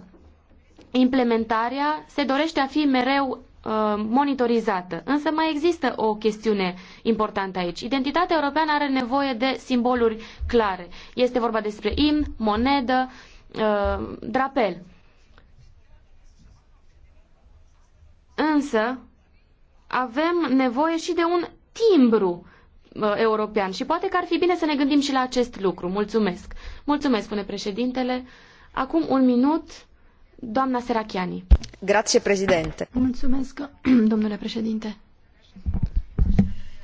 implementarea se dorește a fi mereu Uh, monitorizată. Însă mai există o chestiune importantă aici. Identitatea europeană are nevoie de simboluri clare. Este vorba despre imn, monedă, uh, drapel. Însă avem nevoie și de un timbru uh, european și poate că ar fi bine să ne gândim și la acest lucru. Mulțumesc. Mulțumesc, spune președintele. Acum un minut Doamna Serachiani. președinte. Mulțumesc, [CLEARS THROAT] domnule președinte.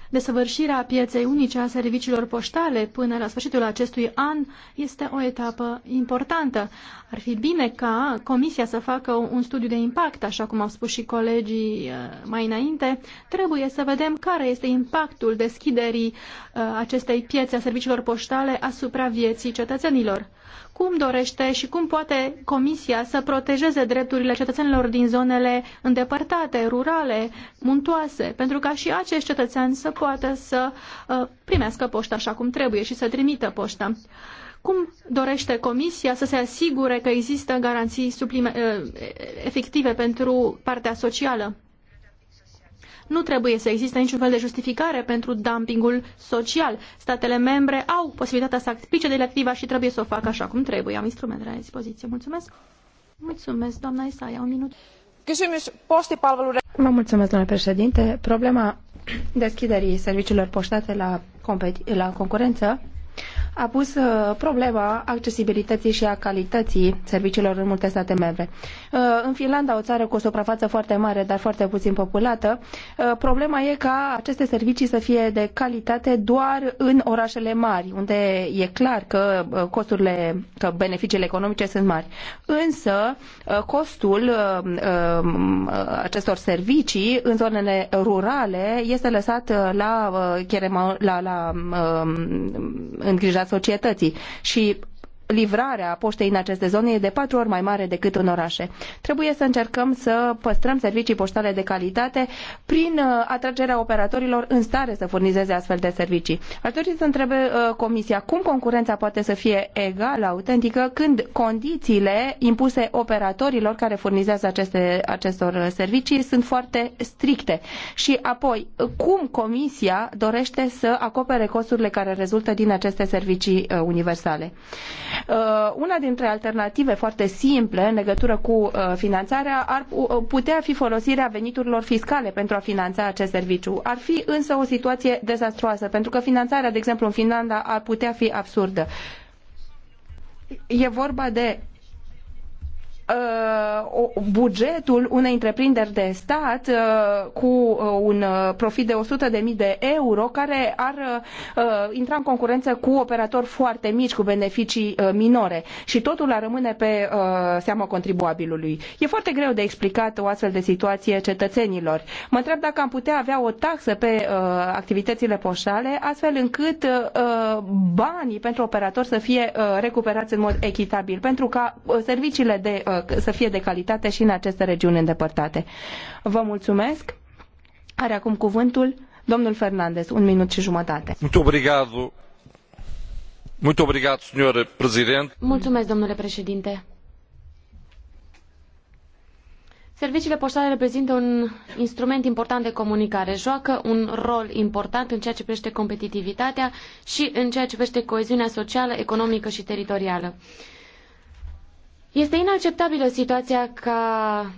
Desăvârșirea pieței unice a serviciilor poștale până la sfârșitul acestui an este o etapă importantă. Ar fi bine ca Comisia să facă un studiu de impact, așa cum au spus și colegii uh, mai înainte. Trebuie să vedem care este impactul deschiderii uh, acestei piețe a serviciilor poștale asupra vieții cetățenilor cum dorește și cum poate Comisia să protejeze drepturile cetățenilor din zonele îndepărtate, rurale, muntoase, pentru ca și acești cetățeni să poată să uh, primească poșta așa cum trebuie și să trimită poșta. Cum dorește Comisia să se asigure că există garanții uh, efective pentru partea socială? Nu trebuie să existe niciun fel de justificare pentru dumpingul social. Statele membre au posibilitatea să aplice directiva și trebuie să o facă așa cum trebuie. Am instrumentele la dispoziție. Mulțumesc. Mulțumesc, doamna Isaia. Un minut. Vă mulțumesc, domnule președinte. Problema deschiderii serviciilor poștate la, la concurență a pus uh, problema accesibilității și a calității serviciilor în multe state membre. Uh, în Finlanda, o țară cu o suprafață foarte mare, dar foarte puțin populată, uh, problema e ca aceste servicii să fie de calitate doar în orașele mari, unde e clar că costurile, că beneficiile economice sunt mari. Însă, costul um, acestor servicii în zonele rurale este lăsat la, la, la, um, la societății și livrarea poștei în aceste zone e de patru ori mai mare decât în orașe. Trebuie să încercăm să păstrăm servicii poștale de calitate prin uh, atragerea operatorilor în stare să furnizeze astfel de servicii. Aș dori să întrebe uh, Comisia cum concurența poate să fie egală, autentică, când condițiile impuse operatorilor care furnizează aceste, acestor uh, servicii sunt foarte stricte. Și apoi, cum Comisia dorește să acopere costurile care rezultă din aceste servicii universale? Uh, una dintre alternative foarte simple în legătură cu uh, finanțarea ar uh, putea fi folosirea veniturilor fiscale pentru a finanța acest serviciu. Ar fi însă o situație dezastruoasă, pentru că finanțarea, de exemplu, în Finlanda ar putea fi absurdă. E vorba de Uh, bugetul unei întreprinderi de stat uh, cu uh, un profit de 100.000 de euro care ar intra în concurență cu operatori foarte mici cu beneficii minore și totul ar rămâne pe seama contribuabilului. E foarte greu de explicat o astfel de situație cetățenilor. Mă întreb dacă am putea avea o taxă pe activitățile poșale, astfel încât banii pentru operatori să fie recuperați în mod echitabil pentru ca serviciile de să fie de calitate și în aceste regiuni îndepărtate. Vă mulțumesc. Are acum cuvântul domnul Fernandez, un minut și jumătate. Muito Mulțumesc, domnule președinte. Serviciile poștale reprezintă un instrument important de comunicare, joacă un rol important în ceea ce privește competitivitatea și în ceea ce privește coeziunea socială, economică și teritorială. Este inacceptabilă situația ca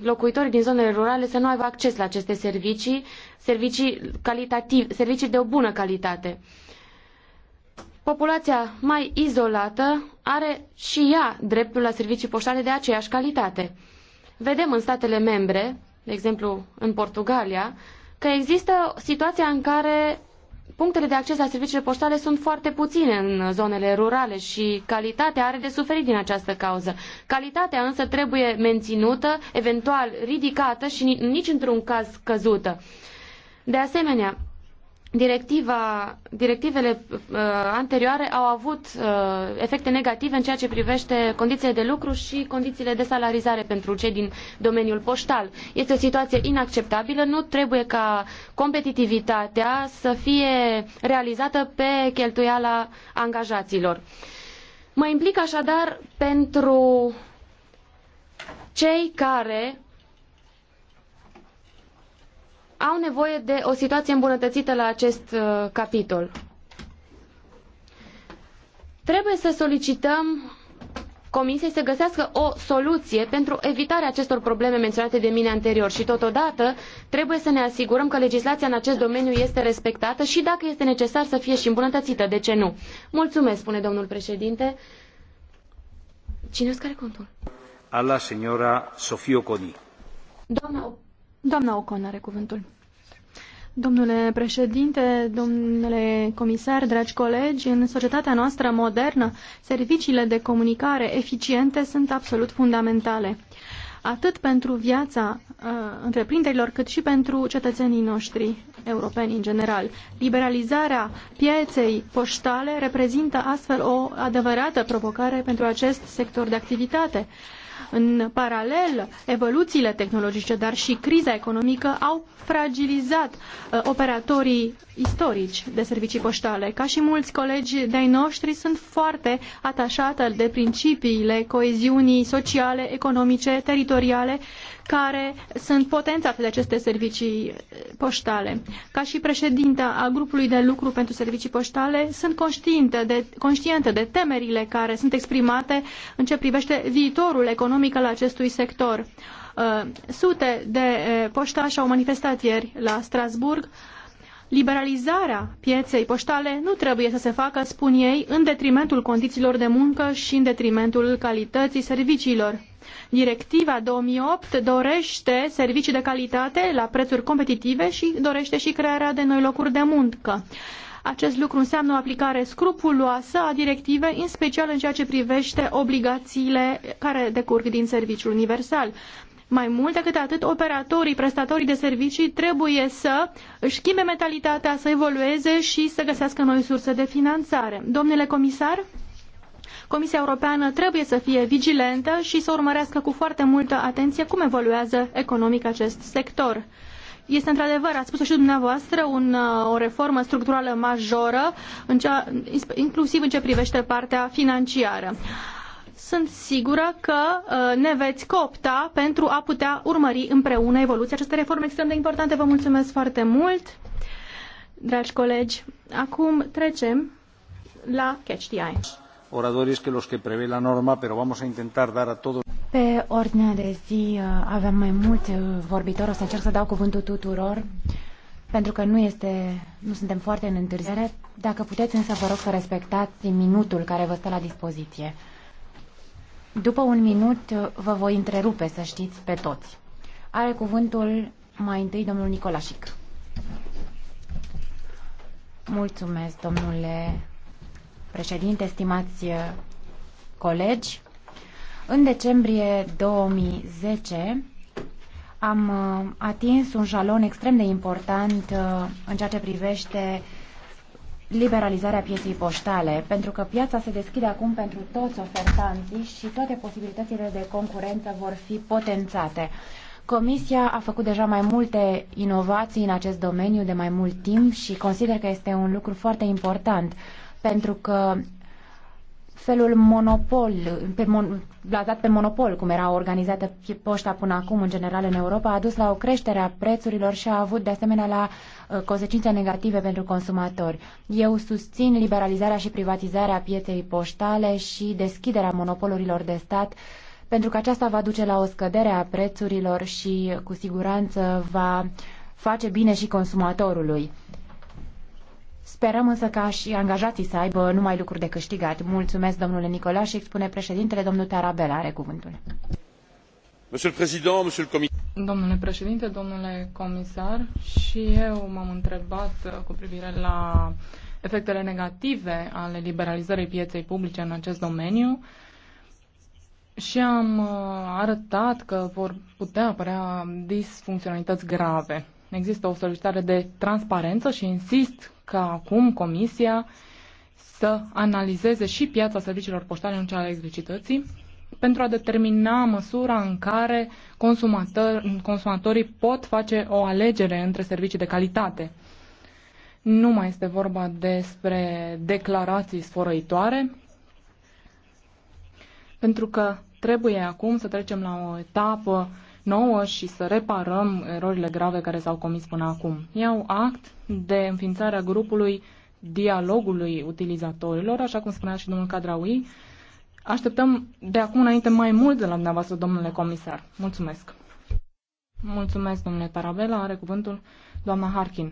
locuitorii din zonele rurale să nu aibă acces la aceste servicii, servicii, calitativ, servicii de o bună calitate. Populația mai izolată are și ea dreptul la servicii poștale de aceeași calitate. Vedem în statele membre, de exemplu în Portugalia, că există situația în care punctele de acces la serviciile poștale sunt foarte puține în zonele rurale și calitatea are de suferit din această cauză. Calitatea însă trebuie menținută, eventual ridicată și nici într-un caz scăzută. De asemenea, directiva, directivele uh, anterioare au avut uh, efecte negative în ceea ce privește condițiile de lucru și condițiile de salarizare pentru cei din domeniul poștal. Este o situație inacceptabilă, nu trebuie ca competitivitatea să fie realizată pe cheltuiala angajaților. Mă implic așadar pentru cei care au nevoie de o situație îmbunătățită la acest uh, capitol. Trebuie să solicităm Comisiei să găsească o soluție pentru evitarea acestor probleme menționate de mine anterior și totodată trebuie să ne asigurăm că legislația în acest domeniu este respectată și dacă este necesar să fie și îmbunătățită, de ce nu? Mulțumesc, spune domnul președinte. Cine îți care contul? Alla signora Sofia Coni. Doamna Doamna Ocon are cuvântul. Domnule președinte, domnule comisar, dragi colegi, în societatea noastră modernă, serviciile de comunicare eficiente sunt absolut fundamentale, atât pentru viața uh, întreprinderilor, cât și pentru cetățenii noștri europeni în general. Liberalizarea pieței poștale reprezintă astfel o adevărată provocare pentru acest sector de activitate. Uh, în paralel, evoluțiile tehnologice, dar și criza economică au fragilizat uh, operatorii istorici de servicii poștale. Ca și mulți colegi de-ai noștri, sunt foarte atașată de principiile coeziunii sociale, economice, teritoriale, care sunt potențate de aceste servicii uh, poștale. Ca și președinta a grupului de lucru pentru servicii poștale, sunt conștientă de, conștientă de temerile care sunt exprimate în ce privește viitorul economic economic al acestui sector. Uh, sute de uh, poștași au manifestat ieri la Strasburg. Liberalizarea pieței poștale nu trebuie să se facă, spun ei, în detrimentul condițiilor de muncă și în detrimentul calității serviciilor. Directiva 2008 dorește servicii de calitate la prețuri competitive și dorește și crearea de noi locuri de muncă. Acest lucru înseamnă o aplicare scrupuloasă a directivei, în special în ceea ce privește obligațiile care decurg din serviciul universal. Mai mult decât atât, operatorii, prestatorii de servicii trebuie să își schimbe mentalitatea, să evolueze și să găsească noi surse de finanțare. Domnule comisar, Comisia Europeană trebuie să fie vigilentă și să urmărească cu foarte multă atenție cum evoluează economic acest sector este într-adevăr, ați spus-o și dumneavoastră, un, uh, o reformă structurală majoră, în cea, inclusiv în ce privește partea financiară. Sunt sigură că uh, ne veți coopta pentru a putea urmări împreună evoluția acestei reforme extrem de importante. Vă mulțumesc foarte mult, dragi colegi. Acum trecem la Catch the Eye oradores que los que prevé la norma, pero vamos a intentar dar a todos. Pe ordinea de zi uh, avem mai mulți uh, vorbitori, o să încerc să dau cuvântul tuturor, pentru că nu, este, nu suntem foarte în întârziere. Dacă puteți însă vă rog să respectați minutul care vă stă la dispoziție. După un minut uh, vă voi întrerupe, să știți, pe toți. Are cuvântul mai întâi domnul Nicolașic. Mulțumesc, domnule președinte, stimați uh, colegi, în decembrie 2010 am uh, atins un jalon extrem de important uh, în ceea ce privește liberalizarea pieței poștale, pentru că piața se deschide acum pentru toți ofertanții și toate posibilitățile de concurență vor fi potențate. Comisia a făcut deja mai multe inovații în acest domeniu de mai mult timp și consider că este un lucru foarte important pentru că felul monopol, pe mon, bazat pe monopol, cum era organizată poșta până acum, în general, în Europa, a dus la o creștere a prețurilor și a avut, de asemenea, la uh, consecințe negative pentru consumatori. Eu susțin liberalizarea și privatizarea pieței poștale și deschiderea monopolurilor de stat, pentru că aceasta va duce la o scădere a prețurilor și, cu siguranță, va face bine și consumatorului. Sperăm însă ca și angajații să aibă numai lucruri de câștigat. Mulțumesc, domnule Nicola, și expune președintele, domnul Tarabela are cuvântul. Domnule președinte, domnule comisar, și eu m-am întrebat uh, cu privire la efectele negative ale liberalizării pieței publice în acest domeniu și am uh, arătat că vor putea apărea disfuncționalități grave. Există o solicitare de transparență și insist ca acum Comisia să analizeze și piața serviciilor poștale în cea a electricității pentru a determina măsura în care consumatorii pot face o alegere între servicii de calitate. Nu mai este vorba despre declarații sfărăitoare, pentru că trebuie acum să trecem la o etapă nouă și să reparăm erorile grave care s-au comis până acum. Iau act de înființarea grupului dialogului utilizatorilor, așa cum spunea și domnul Cadraui. Așteptăm de acum înainte mai mult de la dumneavoastră, domnule comisar. Mulțumesc. Mulțumesc, domnule Tarabela. Are cuvântul doamna Harkin.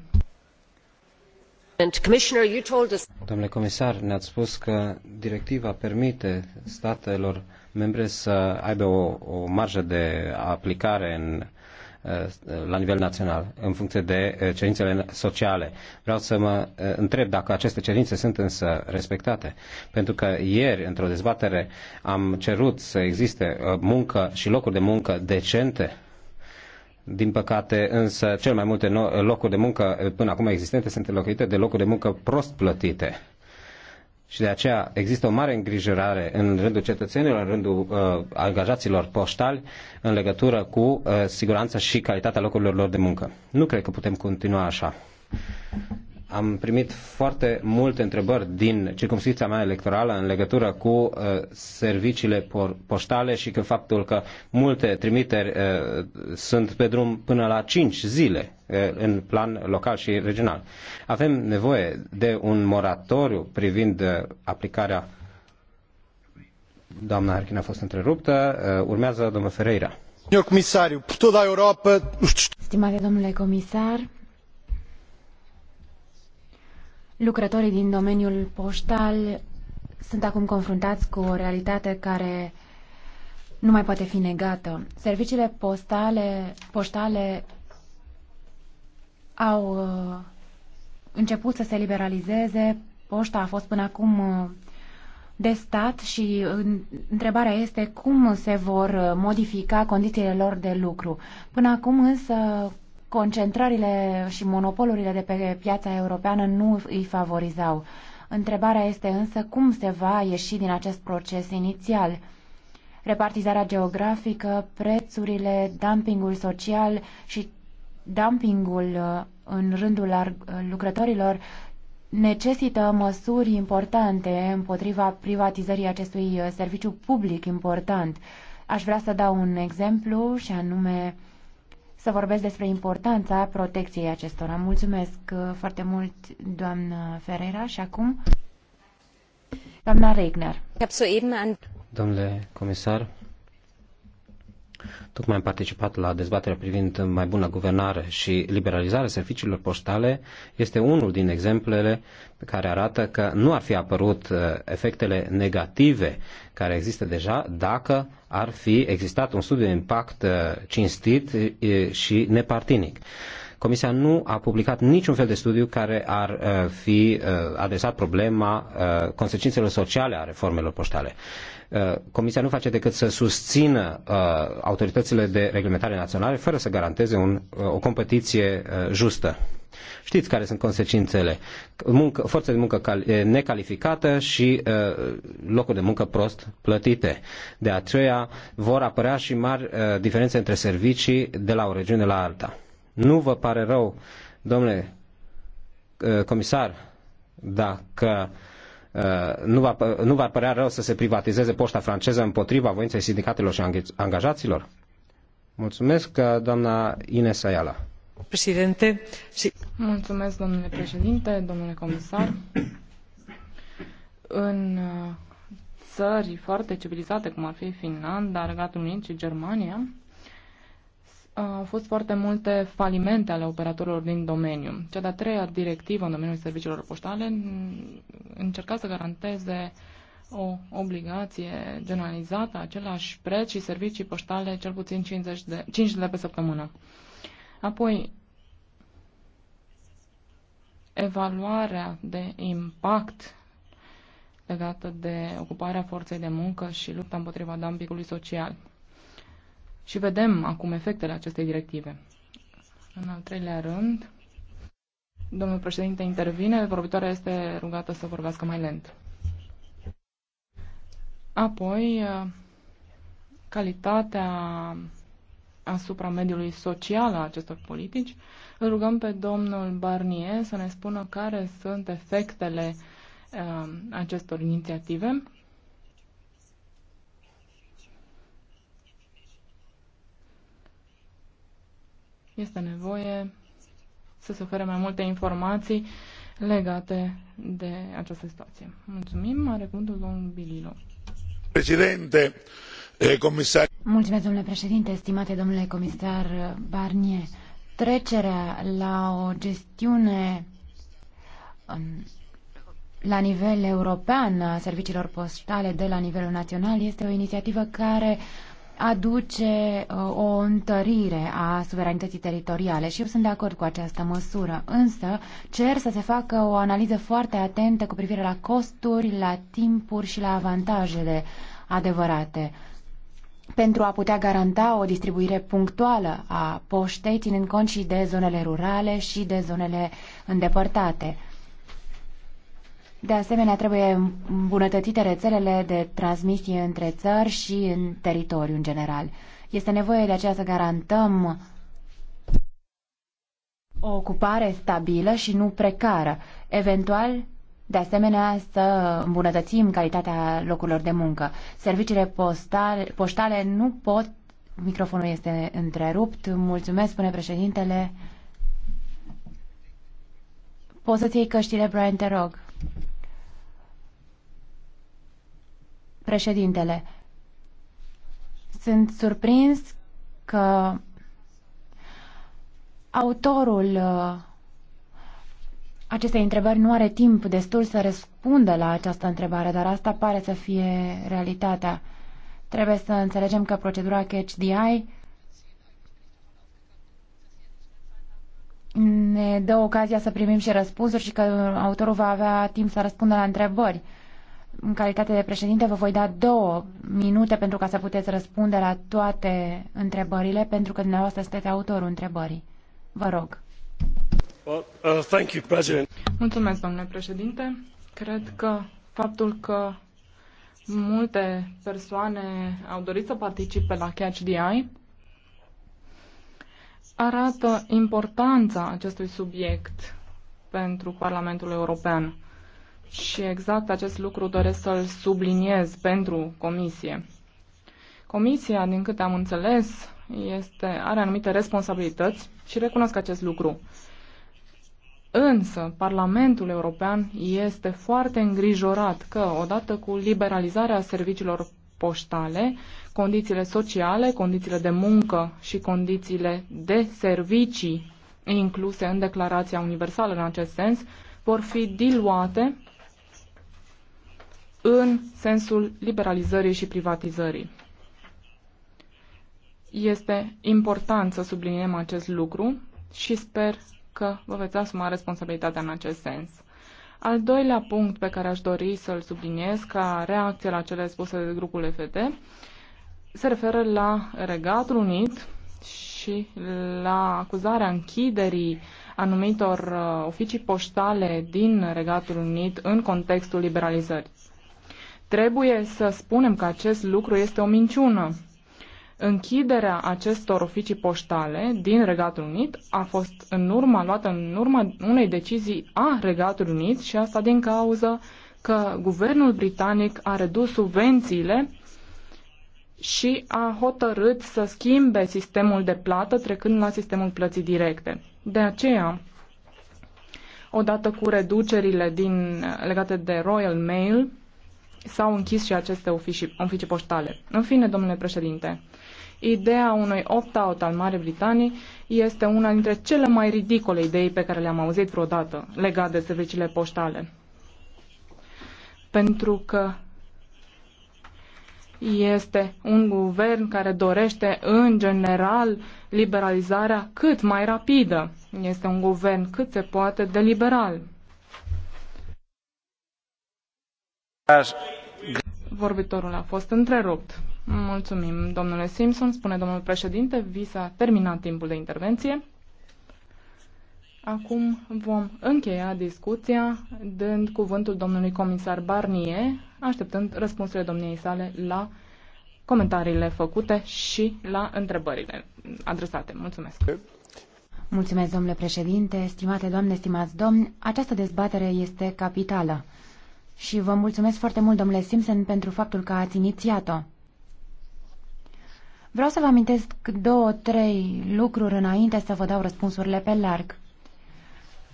Domnule comisar, ne-ați spus că directiva permite statelor membre să aibă o, o marjă de aplicare în, eh, la nivel național, în funcție de eh, cerințele sociale. Vreau să mă eh, întreb dacă aceste cerințe sunt însă respectate. Pentru că ieri, într-o dezbatere, am cerut să existe muncă și locuri de muncă decente. Din păcate, însă, cel mai multe locuri de muncă până acum existente sunt locuite de locuri de muncă prost plătite și de aceea există o mare îngrijorare în rândul cetățenilor, în rândul uh, angajaților poștali, în legătură cu uh, siguranța și calitatea locurilor lor de muncă. Nu cred că putem continua așa. Am primit foarte multe întrebări din circumscripția mea electorală în legătură cu uh, serviciile por- poștale și că faptul că multe trimiteri uh, sunt pe drum până la 5 zile uh, în plan local și regional. Avem nevoie de un moratoriu privind uh, aplicarea. Doamna Harkin a fost întreruptă. Uh, urmează domnul Ferreira. Stimate domnule comisar, Lucrătorii din domeniul poștal sunt acum confruntați cu o realitate care nu mai poate fi negată. Serviciile postale, poștale au uh, început să se liberalizeze. Poșta a fost până acum uh, de stat și uh, întrebarea este cum se vor modifica condițiile lor de lucru. Până acum însă concentrările și monopolurile de pe piața europeană nu îi favorizau. Întrebarea este însă cum se va ieși din acest proces inițial. Repartizarea geografică, prețurile, dumpingul social și dumpingul uh, în rândul uh, lucrătorilor necesită măsuri importante împotriva privatizării acestui uh, serviciu public important. Aș vrea să dau un exemplu și anume să vorbesc despre importanța protecției acestora. Mulțumesc uh, foarte mult, doamnă Ferreira, și acum doamna Regner. Domnule comisar, Tocmai am participat la dezbaterea privind mai bună guvernare și liberalizarea serviciilor poștale. Este unul din exemplele care arată că nu ar fi apărut uh, efectele negative care există deja dacă ar fi existat un studiu de impact uh, cinstit uh, și nepartinic. Comisia nu a publicat niciun fel de studiu care ar fi adresat problema consecințelor sociale a reformelor poștale. Uh, Comisia nu face decât să susțină uh, autoritățile de reglementare naționale fără să garanteze un, uh, o competiție justă. Știți care sunt consecințele. Muncă, forță de muncă cal, necalificată și uh, locuri de muncă prost plătite. De aceea vor apărea și mari uh, diferențe între servicii de la o regiune la alta. Nu vă pare rău, domnule uh, comisar, dacă uh, Uh, nu va, nu va părea rău să se privatizeze poșta franceză împotriva voinței sindicatelor și angajaților? Mulțumesc, uh, doamna Ines Ayala. Președinte, și... Mulțumesc, domnule președinte, domnule comisar. În uh, țări foarte civilizate, cum ar fi Finlanda, Regatul Unit și Germania, au fost foarte multe falimente ale operatorilor din domeniu. Cea de-a treia directivă în domeniul serviciilor poștale încerca să garanteze o obligație generalizată, același preț și servicii poștale cel puțin 50 de, 5 de pe săptămână. Apoi, evaluarea de impact legată de ocuparea forței de muncă și lupta împotriva dumpingului social și vedem acum efectele acestei directive. În al treilea rând, domnul președinte intervine, vorbitoarea este rugată să vorbească mai lent. Apoi, calitatea asupra mediului social a acestor politici, îl rugăm pe domnul Barnier să ne spună care sunt efectele um, acestor inițiative este nevoie să se ofere mai multe informații legate de această situație. Mulțumim, are cuvântul domnul Bililo. Președinte, eh, comisar... Mulțumesc, domnule președinte, estimate domnule comisar Barnier. Trecerea la o gestiune um, la nivel european a serviciilor postale de la nivelul național este o inițiativă care aduce uh, o întărire a suveranității teritoriale și eu sunt de acord cu această măsură, însă cer să se facă o analiză foarte atentă cu privire la costuri, la timpuri și la avantajele adevărate pentru a putea garanta o distribuire punctuală a poștei, ținând cont și de zonele rurale și de zonele îndepărtate. De asemenea, trebuie îmbunătățite rețelele de transmisie între țări și în teritoriu în general. Este nevoie de aceea să garantăm o ocupare stabilă și nu precară. Eventual, de asemenea, să îmbunătățim calitatea locurilor de muncă. Serviciile postale, poștale nu pot... Microfonul este întrerupt. Mulțumesc, spune președintele. Poți să-ți iei căștile, Brian, te rog. Președintele, sunt surprins că autorul uh, acestei întrebări nu are timp destul să răspundă la această întrebare, dar asta pare să fie realitatea. Trebuie să înțelegem că procedura Catch the Eye ne dă ocazia să primim și răspunsuri și că autorul va avea timp să răspundă la întrebări în calitate de președinte, vă voi da două minute pentru ca să puteți răspunde la toate întrebările, pentru că dumneavoastră sunteți autorul întrebării. Vă rog. Well, uh, thank you, President. Mulțumesc, domnule președinte. Cred că faptul că multe persoane au dorit să participe la Catch the Eye arată importanța acestui subiect pentru Parlamentul European. Și exact acest lucru doresc să-l subliniez pentru comisie. Comisia, din câte am înțeles, este, are anumite responsabilități și recunosc acest lucru. Însă, Parlamentul European este foarte îngrijorat că, odată cu liberalizarea serviciilor poștale, condițiile sociale, condițiile de muncă și condițiile de servicii incluse în Declarația Universală în acest sens vor fi diluate în sensul liberalizării și privatizării. Este important să subliniem acest lucru și sper că vă veți asuma responsabilitatea în acest sens. Al doilea punct pe care aș dori să-l subliniez ca reacție la cele spuse de grupul FD se referă la Regatul Unit și la acuzarea închiderii anumitor uh, oficii poștale din Regatul Unit în contextul liberalizării. Trebuie să spunem că acest lucru este o minciună. Închiderea acestor oficii poștale din Regatul Unit a fost în urma, luată în urma unei decizii a Regatului Unit și asta din cauza că guvernul britanic a redus subvențiile și a hotărât să schimbe sistemul de plată trecând la sistemul plății directe. De aceea, odată cu reducerile din, legate de Royal Mail, s-au închis și aceste oficii, oficii poștale. În fine, domnule președinte, ideea unui opt-out al Marii Britanii este una dintre cele mai ridicole idei pe care le-am auzit vreodată legate de serviciile poștale. Pentru că este un guvern care dorește, în general, liberalizarea cât mai rapidă. Este un guvern cât se poate de liberal. Vorbitorul a fost întrerupt. Mulțumim, domnule Simpson. Spune domnul președinte, vi s-a terminat timpul de intervenție. Acum vom încheia discuția dând cuvântul domnului comisar Barnier, așteptând răspunsurile domniei sale la comentariile făcute și la întrebările adresate. Mulțumesc! Mulțumesc, domnule președinte, stimate doamne, stimați domni, această dezbatere este capitală și vă mulțumesc foarte mult, domnule Simpson, pentru faptul că ați inițiat-o. Vreau să vă amintesc două, trei lucruri înainte să vă dau răspunsurile pe larg.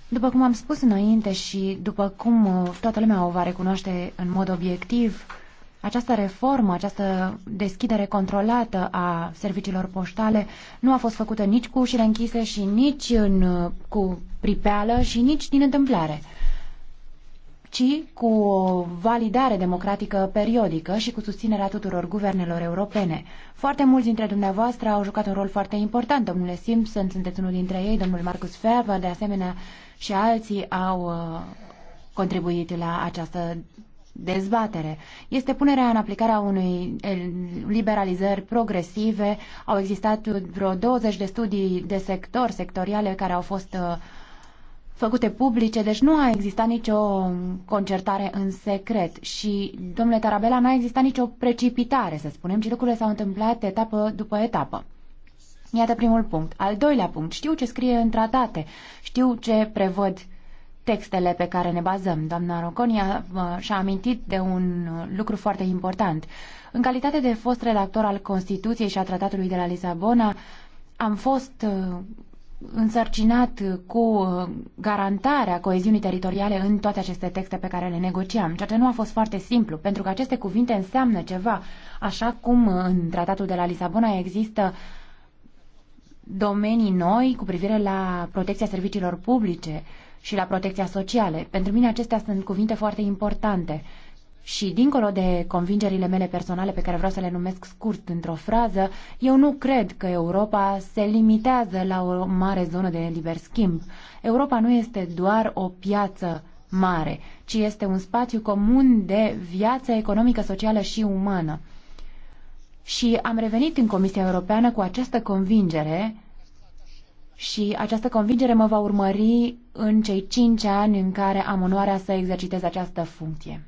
După cum am spus înainte și după cum uh, toată lumea o va recunoaște în mod obiectiv, această reformă, această deschidere controlată a serviciilor poștale nu a fost făcută nici cu ușile închise și nici în, uh, cu pripeală și nici din întâmplare ci cu o validare democratică periodică și cu susținerea tuturor guvernelor europene. Foarte mulți dintre dumneavoastră au jucat un rol foarte important. Domnule Simpson, sunteți unul dintre ei, domnul Marcus Ferber, de asemenea și alții au uh, contribuit la această dezbatere. Este punerea în aplicare a unei liberalizări progresive. Au existat vreo 20 de studii de sector, sectoriale, care au fost uh, făcute publice, deci nu a existat nicio concertare în secret și, domnule Tarabela, n-a existat nicio precipitare, să spunem, ci lucrurile s-au întâmplat etapă după etapă. Iată primul punct. Al doilea punct, știu ce scrie în tratate, știu ce prevăd textele pe care ne bazăm. Doamna Roconi și-a amintit de un lucru foarte important. În calitate de fost redactor al Constituției și a Tratatului de la Lisabona, am fost însărcinat cu uh, garantarea coeziunii teritoriale în toate aceste texte pe care le negociam, ceea ce nu a fost foarte simplu, pentru că aceste cuvinte înseamnă ceva, așa cum uh, în tratatul de la Lisabona există domenii noi cu privire la protecția serviciilor publice și la protecția sociale. Pentru mine acestea sunt cuvinte foarte importante. Și dincolo de convingerile mele personale pe care vreau să le numesc scurt într-o frază, eu nu cred că Europa se limitează la o mare zonă de liber schimb. Europa nu este doar o piață mare, ci este un spațiu comun de viață economică, socială și umană. Și am revenit în Comisia Europeană cu această convingere și această convingere mă va urmări în cei cinci ani în care am onoarea să exercitez această funcție.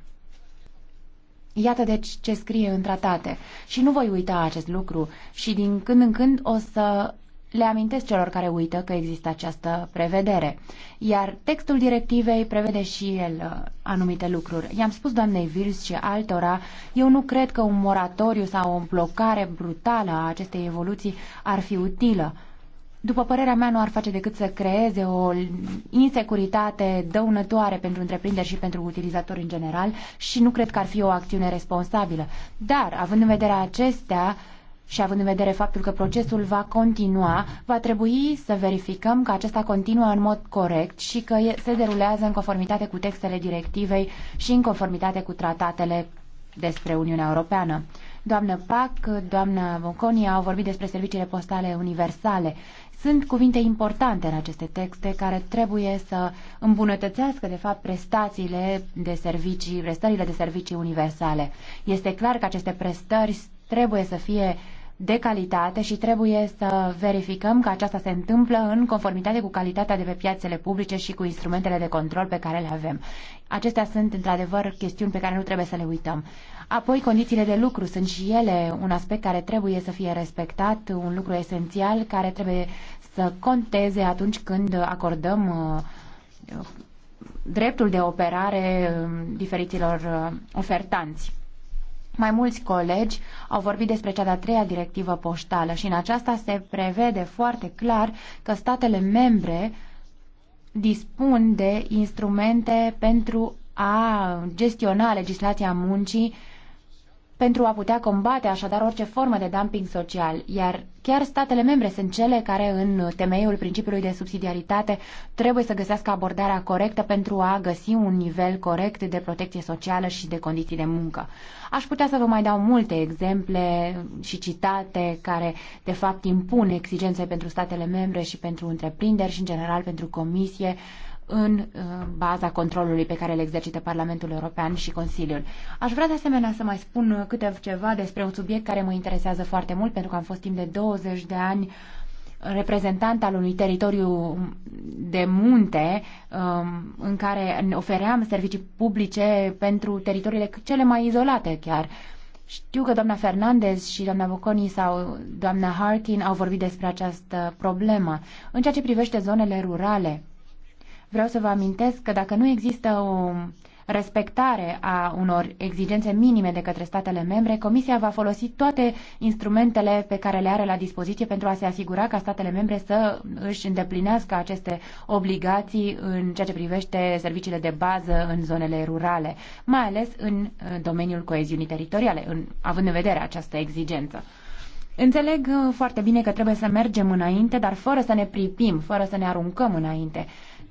Iată deci ce scrie în tratate. Și nu voi uita acest lucru și din când în când o să le amintesc celor care uită că există această prevedere. Iar textul directivei prevede și el uh, anumite lucruri. I-am spus doamnei Virs și altora, eu nu cred că un moratoriu sau o blocare brutală a acestei evoluții ar fi utilă după părerea mea, nu ar face decât să creeze o insecuritate dăunătoare pentru întreprinderi și pentru utilizatori în general și nu cred că ar fi o acțiune responsabilă. Dar, având în vedere acestea, și având în vedere faptul că procesul va continua, va trebui să verificăm că acesta continuă în mod corect și că se derulează în conformitate cu textele directivei și în conformitate cu tratatele despre Uniunea Europeană. Doamnă Pac, Doamna Bonconi au vorbit despre serviciile postale universale. Sunt cuvinte importante în aceste texte care trebuie să îmbunătățească, de fapt, prestațiile de servicii, prestările de servicii universale. Este clar că aceste prestări trebuie să fie uh, de calitate și trebuie să verificăm că aceasta se întâmplă în conformitate cu calitatea de pe piațele publice și cu instrumentele de control pe care le avem. Acestea sunt, într-adevăr, chestiuni pe care nu trebuie să le uităm. Apoi, condițiile de lucru sunt și ele un aspect care trebuie să fie respectat, un lucru esențial care trebuie să conteze atunci când acordăm uh, dreptul de operare um, diferiților uh, ofertanți. Mai mulți colegi au vorbit despre cea de-a treia directivă poștală și în aceasta se prevede foarte clar că statele membre dispun de instrumente pentru a gestiona legislația muncii pentru a putea combate așadar orice formă de dumping social, iar chiar statele membre sunt cele care, în temeiul principiului de subsidiaritate, trebuie să găsească abordarea corectă pentru a găsi un nivel corect de protecție socială și de condiții de muncă. Aș putea să vă mai dau multe exemple și citate care, de fapt, impun exigențe pentru statele membre și pentru întreprinderi și, în general, pentru comisie în uh, baza controlului pe care îl exercită Parlamentul European și Consiliul. Aș vrea de asemenea să mai spun uh, câteva ceva despre un subiect care mă interesează foarte mult, pentru că am fost timp de 20 de ani reprezentant al unui teritoriu de munte um, în care ofeream servicii publice pentru teritoriile cele mai izolate chiar. Știu că doamna Fernandez și doamna Boconi sau doamna Harkin au vorbit despre această problemă. În ceea ce privește zonele rurale, Vreau să vă amintesc că dacă nu există o respectare a unor exigențe minime de către statele membre, Comisia va folosi toate instrumentele pe care le are la dispoziție pentru a se asigura ca statele membre să își îndeplinească aceste obligații în ceea ce privește serviciile de bază în zonele rurale, mai ales în uh, domeniul coeziunii teritoriale, în, având în vedere această exigență. Înțeleg uh, foarte bine că trebuie să mergem înainte, dar fără să ne pripim, fără să ne aruncăm înainte.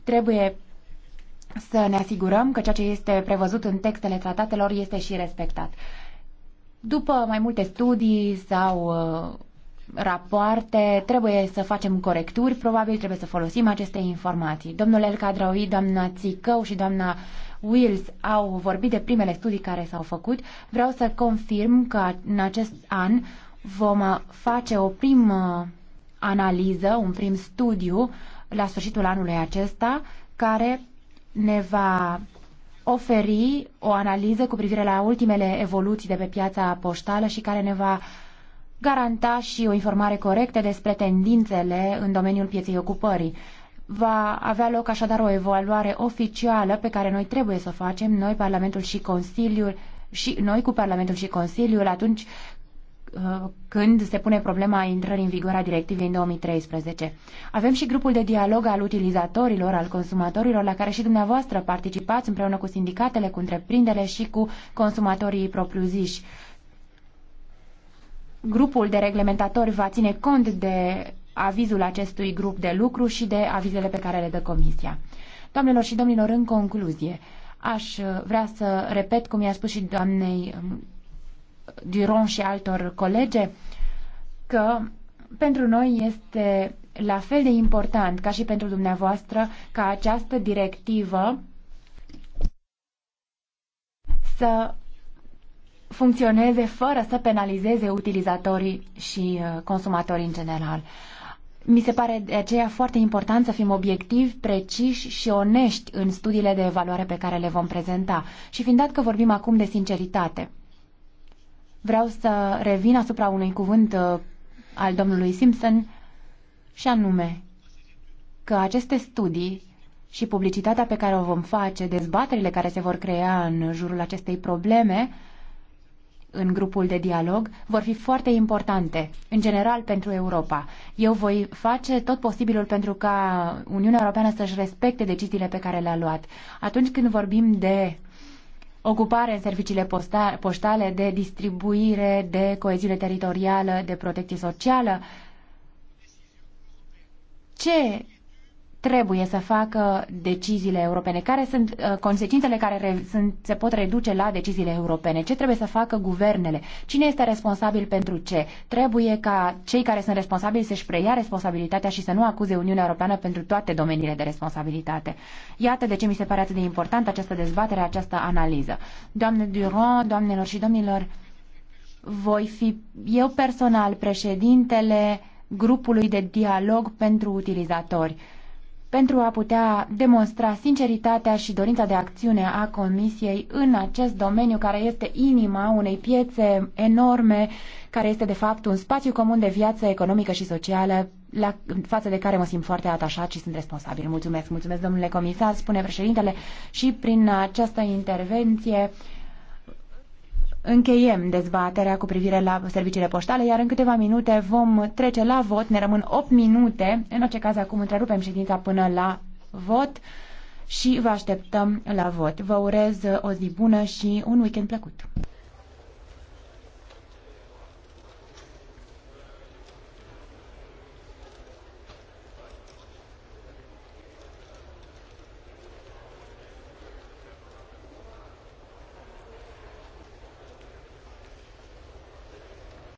Trebuie să ne asigurăm că ceea ce este prevăzut în textele tratatelor este și respectat. După mai multe studii sau uh, rapoarte, trebuie să facem corecturi, probabil trebuie să folosim aceste informații. Domnul El Cadraui, doamna Țicău și doamna Wills au vorbit de primele studii care s-au făcut. Vreau să confirm că în acest an vom uh, face o primă analiză, un prim studiu uh, la sfârșitul anului acesta, care ne va oferi o analiză cu privire la ultimele evoluții de pe piața poștală și care ne va garanta și o informare corectă despre tendințele în domeniul pieței ocupării. Va avea loc așadar o evaluare oficială pe care noi trebuie să o facem, noi, Parlamentul și Consiliul, și noi cu Parlamentul și Consiliul atunci Uh, când se pune problema intrării în vigoare a directivei în 2013. Avem și grupul de dialog al utilizatorilor, al consumatorilor, la care și dumneavoastră participați împreună cu sindicatele, cu întreprinderile și cu consumatorii propriu-ziși. Grupul de reglementatori va ține cont de avizul acestui grup de lucru și de avizele pe care le dă Comisia. Doamnelor și domnilor, în concluzie, aș vrea să repet cum i-a spus și doamnei um, Duron și altor colege că pentru noi este la fel de important ca și pentru dumneavoastră ca această directivă să funcționeze fără să penalizeze utilizatorii și uh, consumatorii în general. Mi se pare de aceea foarte important să fim obiectivi, preciși și onești în studiile de evaluare pe care le vom prezenta. Și fiind dat că vorbim acum de sinceritate, Vreau să revin asupra unui cuvânt uh, al domnului Simpson și anume că aceste studii și publicitatea pe care o vom face, dezbaterile care se vor crea în jurul acestei probleme, în grupul de dialog vor fi foarte importante, în general pentru Europa. Eu voi face tot posibilul pentru ca Uniunea Europeană să-și respecte deciziile pe care le-a luat. Atunci când vorbim de ocupare în serviciile poștale, de distribuire, de coeziune teritorială, de protecție socială. Ce trebuie să facă deciziile europene? Care sunt uh, consecințele care re- sunt, se pot reduce la deciziile europene? Ce trebuie să facă guvernele? Cine este responsabil pentru ce? Trebuie ca cei care sunt responsabili să-și preia responsabilitatea și să nu acuze Uniunea Europeană pentru toate domeniile de responsabilitate. Iată de ce mi se pare atât de importantă această dezbatere, această analiză. Doamne Durand, doamnelor și domnilor, voi fi eu personal președintele grupului de dialog pentru utilizatori pentru a putea demonstra sinceritatea și dorința de acțiune a Comisiei în acest domeniu care este inima unei piețe enorme, care este de fapt un spațiu comun de viață economică și socială la, față de care mă simt foarte atașat și sunt responsabil. Mulțumesc, mulțumesc domnule comisar, spune președintele și prin această intervenție încheiem dezbaterea cu privire la serviciile poștale, iar în câteva minute vom trece la vot. Ne rămân 8 minute. În orice caz, acum întrerupem ședința până la vot și vă așteptăm la vot. Vă urez o zi bună și un weekend plăcut!